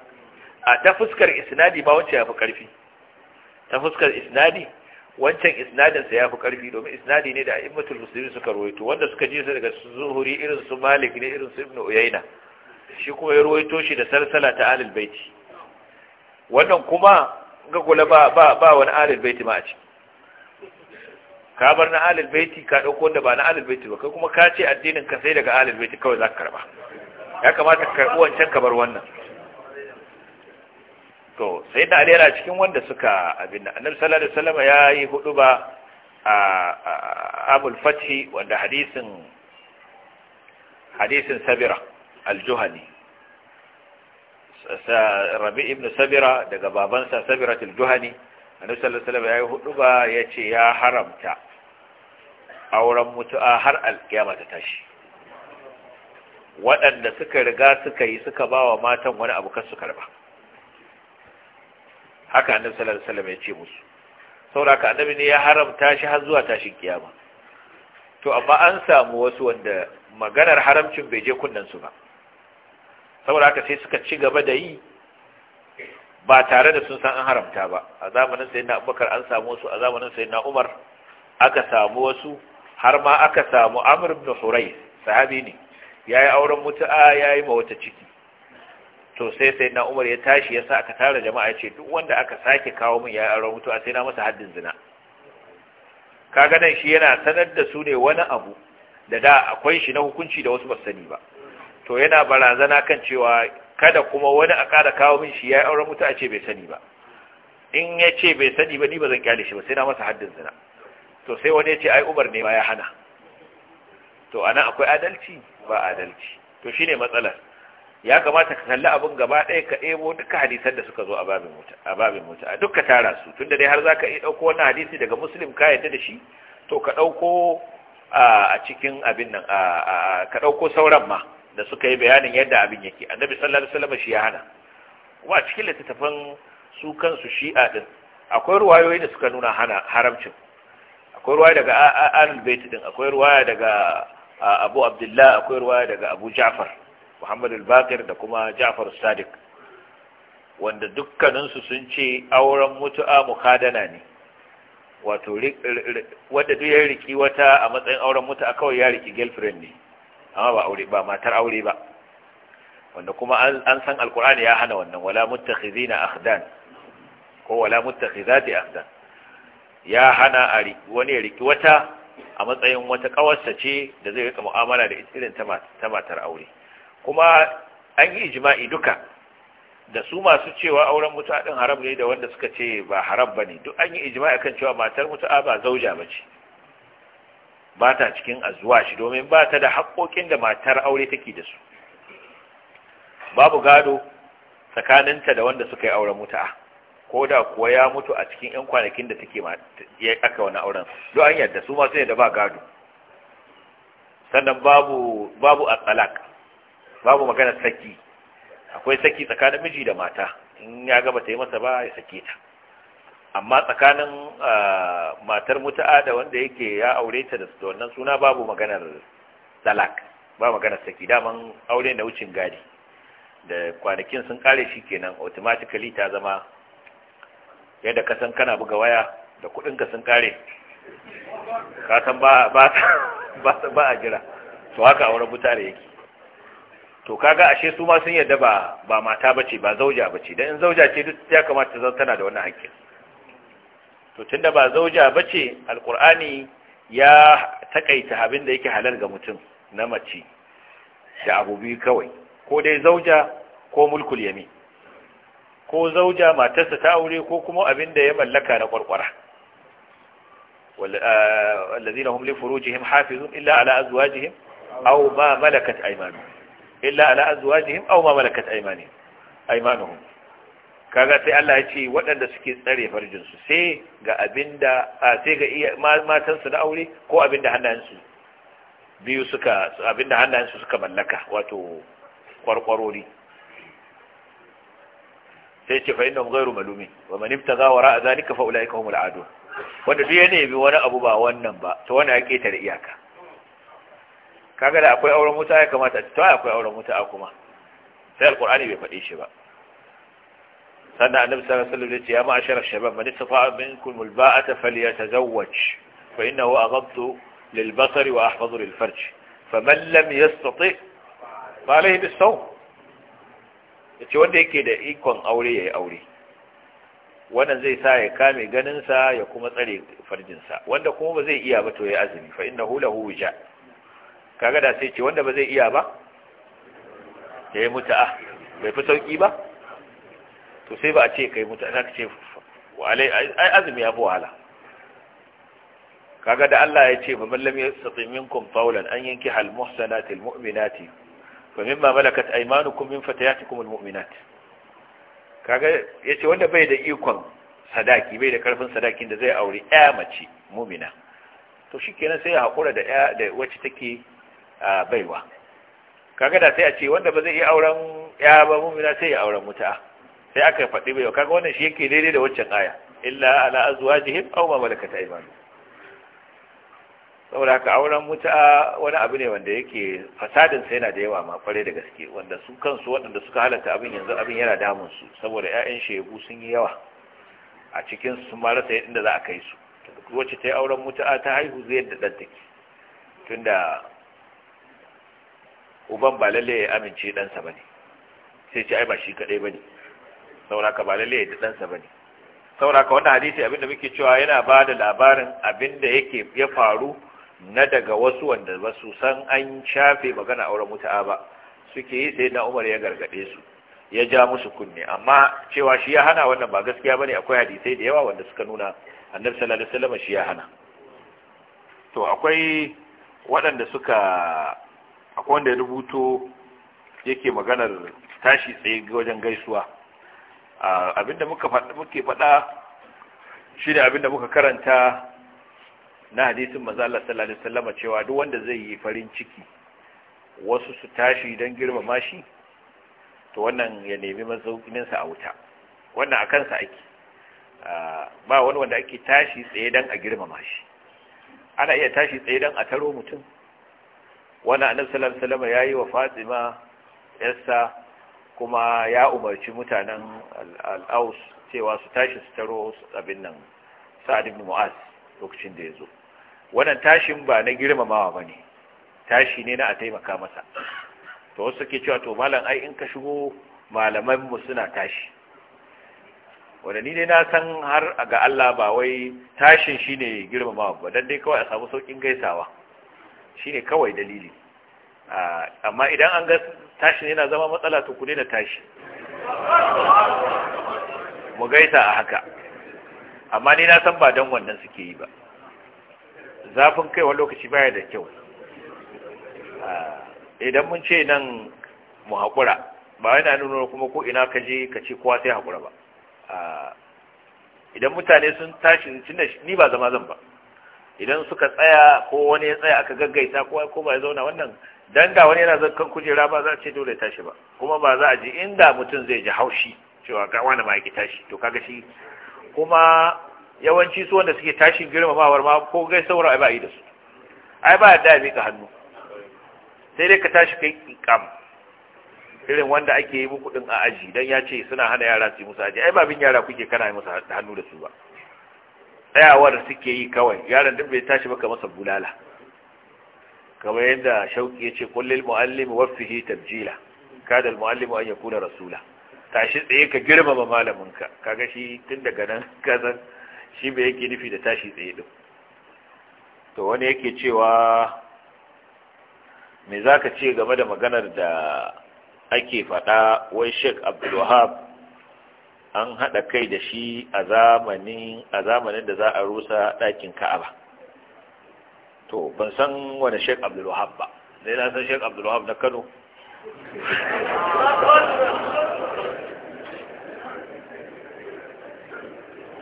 a ta fuskar isnadi ba wancan yafi karfi ta fuskar isnadi wancan isnadin sa yafi karfi domin isnadi ne da a'immatul muslimin suka rawaito wanda suka ji su daga zuhuri irin su malik ne irin su ibnu uyayna shi kuma ya rawaito shi da sarsala ta alil baiti wannan kuma ga kula ba ba ba wani alil baiti ma a ciki ka bar na alil baiti ka ɗauko wanda ba na alil baiti ba kai kuma ka ce addinin ka sai daga alil baiti kawai zaka karɓa. ya kamata ka karbi wancan ka bar wannan to sai da alera cikin wanda suka abin da annabi sallallahu alaihi wasallam ya yi hudu ba a abul fathi wanda hadisin hadisin sabira al-juhani rabi ibn sabira daga babansa sabiratul juhani annabi sallallahu alaihi wasallam yi huduba yace ya haramta auren mutu'a har alkiyama ta tashi waɗanda suka riga suka yi suka bawa matan wani abu kan su karba haka annabi sallallahu alaihi wasallam ce musu saboda ka annabi ne ya haramta shi har zuwa tashin kiyama to amma an samu wasu wanda maganar haramcin bai je kunnan su ba saboda haka sai suka ci gaba da yi ba tare da sun san an haramta ba a zamanin na abubakar an samu wasu a zamanin na umar aka samu wasu har ma aka samu amr ibn sahabi ne yayi auren mutu'a yayi ma wata ciki to sai na umar ya tashi ya sa aka tara jama'a ya ce duk wanda aka sake kawo min yayi auren mutu'a sai na masa haddin zina kaga ganin shi yana sanar da su ne wani abu da da akwai shi na hukunci da wasu ba sani ba to yana barazana kan cewa kada kuma wani a kara kawo min shi ya yi auren mutu a ce bai sani ba in ya ce bai sani ba ni ba zan kyale shi ba sai na masa haddin zina to sai wani ya ce ai umar ne ma ya hana to ana akwai adalci ba adalci to shine matsalar ya kamata ka kalli abin gaba ɗaya ka ɗebo duka hadisan da suka zo a babin mutu a babin mutu a duka tara su tunda dai har za ka iya ɗauko wannan hadisi daga muslim ka yadda da shi to ka ɗauko a cikin abin nan ka ɗauko sauran ma da suka yi bayanin yadda abin yake annabi sallallahu alaihi wasallam shi ya hana kuma a cikin littattafan su kansu shi'a din akwai ruwayoyi da suka nuna hana haramcin akwai ruwaya daga al bait din akwai ruwaya daga abu abdullah akwai ruwaya daga abu ja'far muhammad al-baqir da kuma ja'far sadiq wanda dukkaninsu sun ce auren mutu'a mukadana ne wato wadda duk ya riki wata a matsayin auren mutu'a kawai ya riki girlfriend ne amma ba aure ba matar aure ba wanda kuma an san alkur'ani ya hana wannan wala muttakhizina akhdan ko wala muttakhizati akhdan ya hana a wani riki wata a matsayin wata kawarsa ce da zai rika mu'amala da irin ta matar aure kuma an yi ijma'i duka da su masu cewa auren mutu'a din haram ne da wanda suka ce ba haram bane duk an yi ijma'i kan cewa matar mutu'a ba zauja bace ba ta cikin azuwa shi domin ba ta da haƙoƙin da matar aure take da su babu gado tsakaninta da wanda suka yi auren mutu'a ko da kuwa ya mutu a cikin 'yan kwanakin da take aka wani auren duk an yadda su masu da ba gado sannan babu babu atsalak babu maganar saki akwai saki tsakanin miji da mata in ya gaba ta yi masa ba ya sake ta amma tsakanin matar mutu'a da wanda yake ya aure ta da wannan suna babu maganar talak ba maganar saki daman aure na wucin gadi da kwanakin sun kare shi kenan automatically ta zama yadda ka san kana buga waya da kudin sun kare ka san ba ba ba a jira to haka auren mutare yake to kaga ashe su ma sun yadda ba ba mata bace ba zauja bace dan in zauja ce duk ya kamata ta tana da wannan hakkin to tunda ba zauja bace alqur'ani ya takaita abin da yake halal ga mutum na mace da abu kawai ko dai zauja ko mulkul yamin ko zauja matarsa ta aure ko kuma abin da ya mallaka na kwarkwara wallazina hum li furujihim hafizun illa ala azwajihim aw ma malakat aymanuhum illa ala azwajihim aw ma malakat aymanuhum kaga sai Allah ya ce waɗanda suke tsare farjinsu sai ga abinda a sai ga iya matansu na aure ko abinda hannayensu biyu suka abinda hannayensu suka mallaka wato kwarkwarori sai ce fa inna ghayru malumi wa man ibtaga wara zalika fa ulaika humul adu wanda duk yana nemi wani abu ba wannan ba to wani ya ketare iyaka kaga da akwai auren muta ya kamata to akwai auren muta kuma sai alqur'ani bai faɗe shi ba sannan annabi sallallahu alaihi wasallam ya ma'ashara shabab man istata'a minkum alba'ata falyatazawwaj fa innahu aghaddu lilbasar wa ahfadhu lilfarj faman lam yastati fa alayhi bisawm yace wanda yake da ikon aure yayi aure wannan zai sa ya kame ganinsa ya kuma tsare farjinsa wanda kuma ba zai iya ba to ya azumi fa innahu lahu wija kaga da sai ce wanda ba zai iya ba ya yi mutu'a bai fi sauki ba to sai ba a ce kai mutu aka ce ai azumi ya fi wahala kaga da Allah ya ce faman lam yastati minkum faulan an yankiha al-muhsanati al-mu'minati famimma malakat aymanukum min fatayatikum al-mu'minat kaga yace wanda bai da ikon sadaki bai da karfin sadakin da zai aure 'ya mace mu'mina to shikenan sai ya hakura da da wacce take baiwa kaga da sai a ce wanda ba zai yi auren 'ya ba mu'mina sai ya auren mutu'a sai aka faɗi bai kaga wannan shi yake daidai da waccan aya illa ala azwajihim aw ma malakat aymanuhum saboda haka auren mutu'a wani abu ne wanda yake fasadin sai yana da yawa ma kware da gaske wanda su kansu waɗanda suka halatta abin yanzu abin yana damun su saboda ƴaƴan shegu sun yi yawa a cikin su sun ma rasa inda za a kai su wacce ta yi auren mutu'a ta haihu zai yadda ɗan take tunda uban ba lalle ya amince ɗansa ba ne sai ce ai ba shi kaɗai ba ne sauraka ba lalle ya ɗansa ba ne sauraka wannan hadisi abinda muke cewa yana ba da labarin abinda yake ya faru na daga wasu wanda ba su san an shafe magana auren mutu'a ba suke yi sai na umar ya gargaɗe su ya ja musu kunne amma cewa shi ya hana wannan ba gaskiya bane akwai hadisai da yawa wanda suka nuna annabi sallallahu alaihi wasallam shi ya hana to akwai waɗanda suka akwai wanda ya rubuto yake maganar tashi tsaye wajen gaisuwa abinda muka faɗa muke faɗa shi ne abinda muka karanta na hadisin manzo Allah sallallahu alaihi wasallam cewa duk wanda zai yi farin ciki wasu su tashi don girmama shi to wannan ya nemi mazaukinsa a wuta wannan a kansa ake ba wani wanda ake tashi tsaye don a girmama shi ana iya tashi tsaye don a taro mutum wani annabi sallallahu alaihi wasallam yayi wa Fatima yarsa kuma ya umarci mutanen al'aus cewa su tashi su taro abin nan sa'ad ibn mu'az lokacin da ya zo wannan tashin ba na girmamawa ba ne tashi ne na a taimaka masa to wasu ke cewa to malam ai in ka shigo malamanmu suna tashi wanda ni dai na san har ga Allah ba wai tashin shine girmamawa ba dan dai kawai a samu saukin gaisawa shine kawai dalili Ah, amma idan an ga tashin yana zama matsala to ku daina tashi mu gaisa a haka amma ni na san ba don wannan suke yi ba zafin kaiwa lokaci baya da kyau ah, idan mun ce nan mu haƙura ba yana nuna kuma ko ina ka je ka ce kowa sai haƙura ba ah, idan mutane sun tashi tunda ni ba zama zan ba idan suka tsaya ko wani ya tsaya aka gaggaita ko ba ya zauna wannan dan da wani yana zakkan kujera ba za a ce dole tashi ba kuma ba za a ji inda mutum zai ji haushi cewa ga wani ma yake tashi to kaga shi kuma yawanci su wanda suke tashin girmamawar ma ko gai saura ba yi da su ai ba da mi ka hannu sai dai ka tashi kai kam irin wanda ake yi muku din a aji dan ya ce suna hana yara su musu aji ai ba bin yara kuke kana musu hannu da su ba tsayawar suke yi kawai yaran duk bai tashi ba ka masa bulala kamar yadda shauki ya ce kullil mu'allim wafihi tabjila kada al-mu'allimu an yakuna rasula tashi tsaye ka girmama malaminka kaga shi tun daga nan kazan shi bai yake nufi da tashi tsaye din to wani yake cewa me zaka ce game da maganar da ake faɗa wai Sheikh Abdul an haɗa kai da shi a zamanin a zamanin da za a rusa ɗakin Ka'aba to ban san wani sheik wahab ba zai na san sheik wahab na kano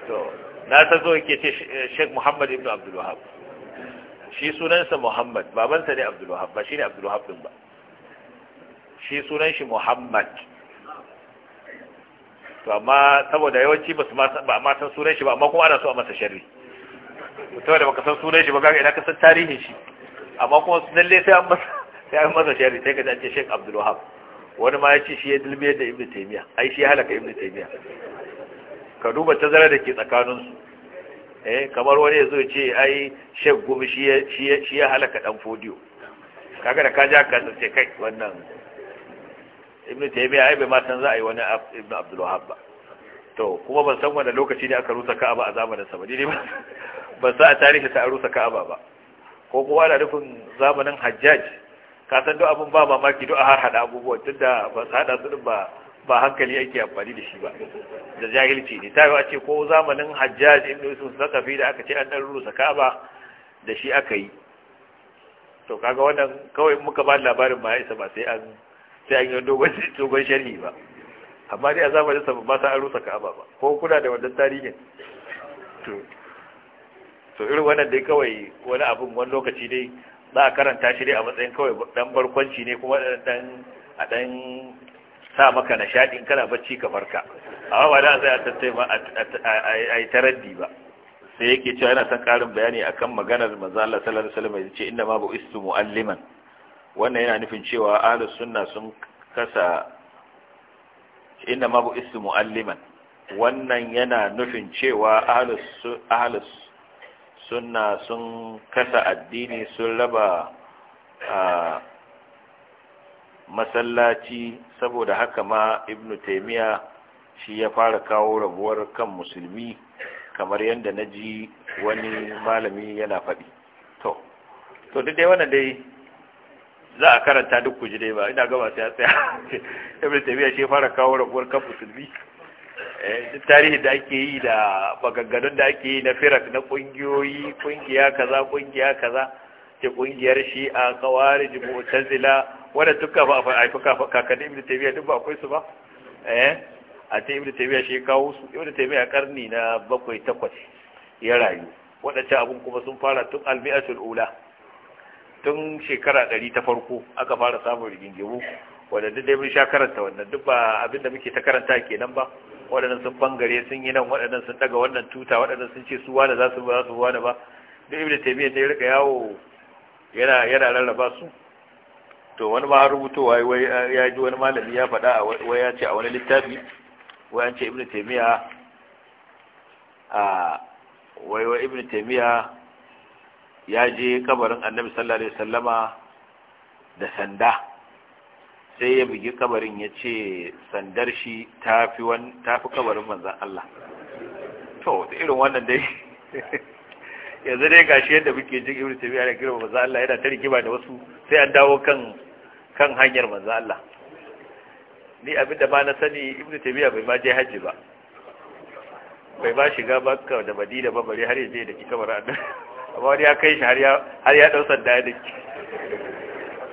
to na san zo yake ce sheik muhammad ibn Abdul wahab. shi sunansa muhammad babansa ne Abdul wahab ba shi ne wahab din ba shi sunan shi muhammad to amma saboda yawanci ba ma san sunan shi ba amma kuma ana so a masa sharri mutum da baka san sunan shi ba ga ina ka san tarihin shi amma kuma lalle sai an masa sai an masa shari sai ka ji an ce Sheikh Abdul Wahab wani ma ya ce shi ya dilmiyar da Ibn Taymiyyah ai shi ya halaka Ibn Taymiyyah ka duba tazara da ke tsakanin su eh kamar wani ya zo ce ai Sheikh Gumi shi ya shi ya halaka dan fodiyo kaga da ka ja ka tsace kai wannan Ibn Taymiyyah ai bai ma san za a yi wani Ibn Abdul Wahab ba to kuma ban san wani lokaci ne aka rusa Ka'aba a zamanin sa ba ne ba ba za a tarihi ta arusa ka'aba ba ko kuma da nufin zamanin hajjaj ka san duk abin ba mamaki duk a har hada abubuwan tun da ba su hada su ba ba hankali yake amfani da shi ba da jahilci ne ta a ce ko zamanin hajjaj inda sun fi da aka ce an dan rusa ka'aba da shi aka yi to kaga wannan kawai muka ba labarin ma isa ba sai an sai an yi dogon dogon sharhi ba amma dai a zamanin sa ba sa an rusa ka'aba ba ko kuna da wannan tarihin to to irin wannan dai kawai wani abin wani lokaci dai za a karanta shi dai a matsayin kawai dan barkwanci ne kuma dan a dan sa maka nishadi in kana bacci ka farka amma ba da sai a ba a yi taraddi ba sai yake cewa yana son karin bayani akan maganar manzo Allah sallallahu alaihi wasallam yace inna ma istu mualliman wannan yana nufin cewa ahlus sunna sun kasa inna ma istu mualliman wannan yana nufin cewa ahlus ahlus suna sun kasa addini sun raba a masallaci saboda haka ma ibnu taimiya shi ya fara kawo rabuwar kan musulmi kamar yadda na ji wani malami yana faɗi to to duk dai wannan dai za a karanta duk ji dai ba ina gaba sai ya tsaya ibnu taimiya shi ya fara kawo rabuwar kan musulmi Eh, duk tarihi da ake yi da bagaggadun da ake yi na firak na kungiyoyi kungiya kaza kungiya kaza ce kungiyar a kawari jibu tazila wadda duka ba a haifi kakanni ibn taymiya duk ba akwai su ba eh a ta ibn taymiya shi kawo su ibn taymiya karni na bakwai takwas ya rayu waɗancan abun kuma sun fara tun almi'atul ula tun shekara ɗari ta farko aka fara samun rigingimu wadda duk da ibn sha karanta wannan duk ba abinda muke ta karanta kenan ba waɗannan sun bangare sun yi nan waɗannan sun daga wannan tuta waɗannan sun ce su wani za su ba su wani ba duk ibn taymiyyah ne rika yawo yana yana rarraba su to wani ma rubutowa wai ya ji wani malami ya faɗa wai ya ce a wani littafi wai an ce ibn taymiyyah a wai wai ibn taymiyyah ya je kabarin annabi sallallahu alaihi wasallama da sanda sai ya bugi kabarin ya ce sandar shi ta fi kabarin manzan Allah to da irin wannan dai yanzu dai gashi yadda muke jin ibn tabi'a da girma manzan Allah yana ta rigima da wasu sai an dawo kan kan hanyar manzan Allah ni abinda ba na sani ibn tabi'a bai ma je hajji ba bai ba shiga makka da madina ba bari har ya je da ki kabarin amma wani ya kai shi har ya har ya dau sanda da ki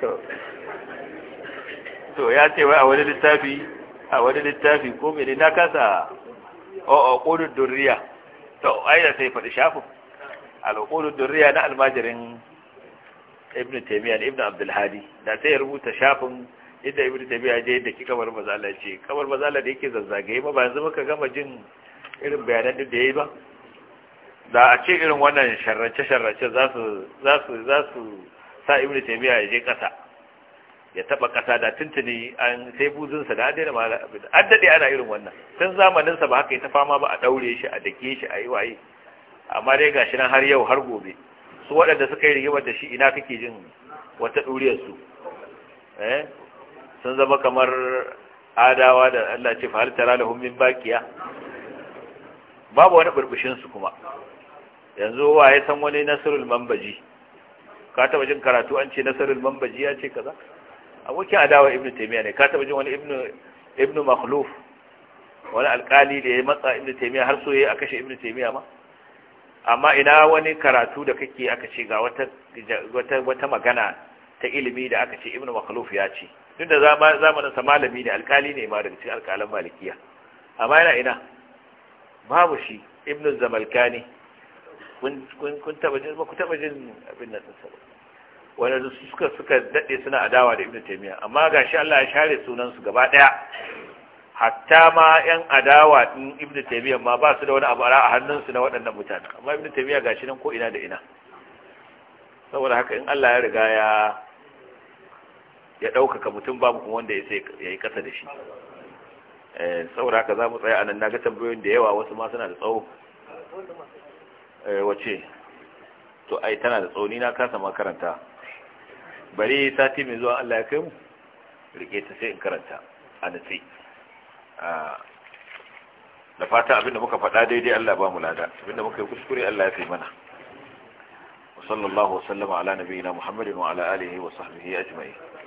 to ya ce wai a wani littafi a wani littafi ko mene na kasa o kudu durriya to ai da sai faɗi shafu al kudu durriya na almajirin ibnu taymiya ibnu abdul hadi da sai ya rubuta shafin inda ibnu taymiya je da kika bar mazala ce kamar mazala da yake zazzagaye ba yanzu muka gama jin irin bayanan da yayi ba da a ce irin wannan sharrace sharrace za su za su za su sa ibnu taymiya ya je kasa ya taba kasa da tuntuni an sai buzunsa da adada ma an daɗe ana irin wannan tun zamaninsa ba haka ya ta fama ba a ɗaure shi a dake shi a yi waye amma dai gashi nan har yau har gobe su waɗanda suka yi rigimar da shi ina kake jin wata ɗuriyar su eh sun zama kamar adawa da Allah ce fa hal tara min baqiya babu wani burbushin su kuma yanzu waye san wani nasrul manbaji ka taba jin karatu an ce nasrul manbaji ya ce kaza abokin adawa ibnu taymiya ne ka taba jin wani ibnu ibnu makhluf wani alkali da ya matsa ibnu taymiya har so yayi a kashe ibnu taymiya ma amma ina wani karatu da kake aka ce ga wata wata wata magana ta ilimi da aka ce ibnu makhluf ya ce duk da zamanin sa malami ne alkali ne ma daga cikin alkalan malikiya amma yana ina babu shi ibnu zamalkani kun kun taba jin ku taba jin abin nan saboda wanda suka suka dade suna adawa da ibn taymiya amma shi Allah ya share sunan gaba daya hatta ma yan adawa din ibn taymiya ma ba su da wani abu a hannun su na waɗannan mutane amma ibnu taymiya shi nan ko ina da ina saboda haka in Allah ya riga ya ya ɗaukaka mutum babu kuma wanda ya yi ƙasa da shi eh, saboda haka za mu tsaya anan na ga tambayoyin da yawa wasu ma suna da tsawo eh, wace to ai tana da tsawo ni na kasa makaranta bare sati mai zuwa Allah ya kai mu rike ta sai in karanta a ah, da fatan abinda muka faɗa daidai Allah ba mu lada abinda muka yi kuskure Allah ya fi mana wa ala nabiyina Muhammadin wa ala alihi wa sahbihi ajma'in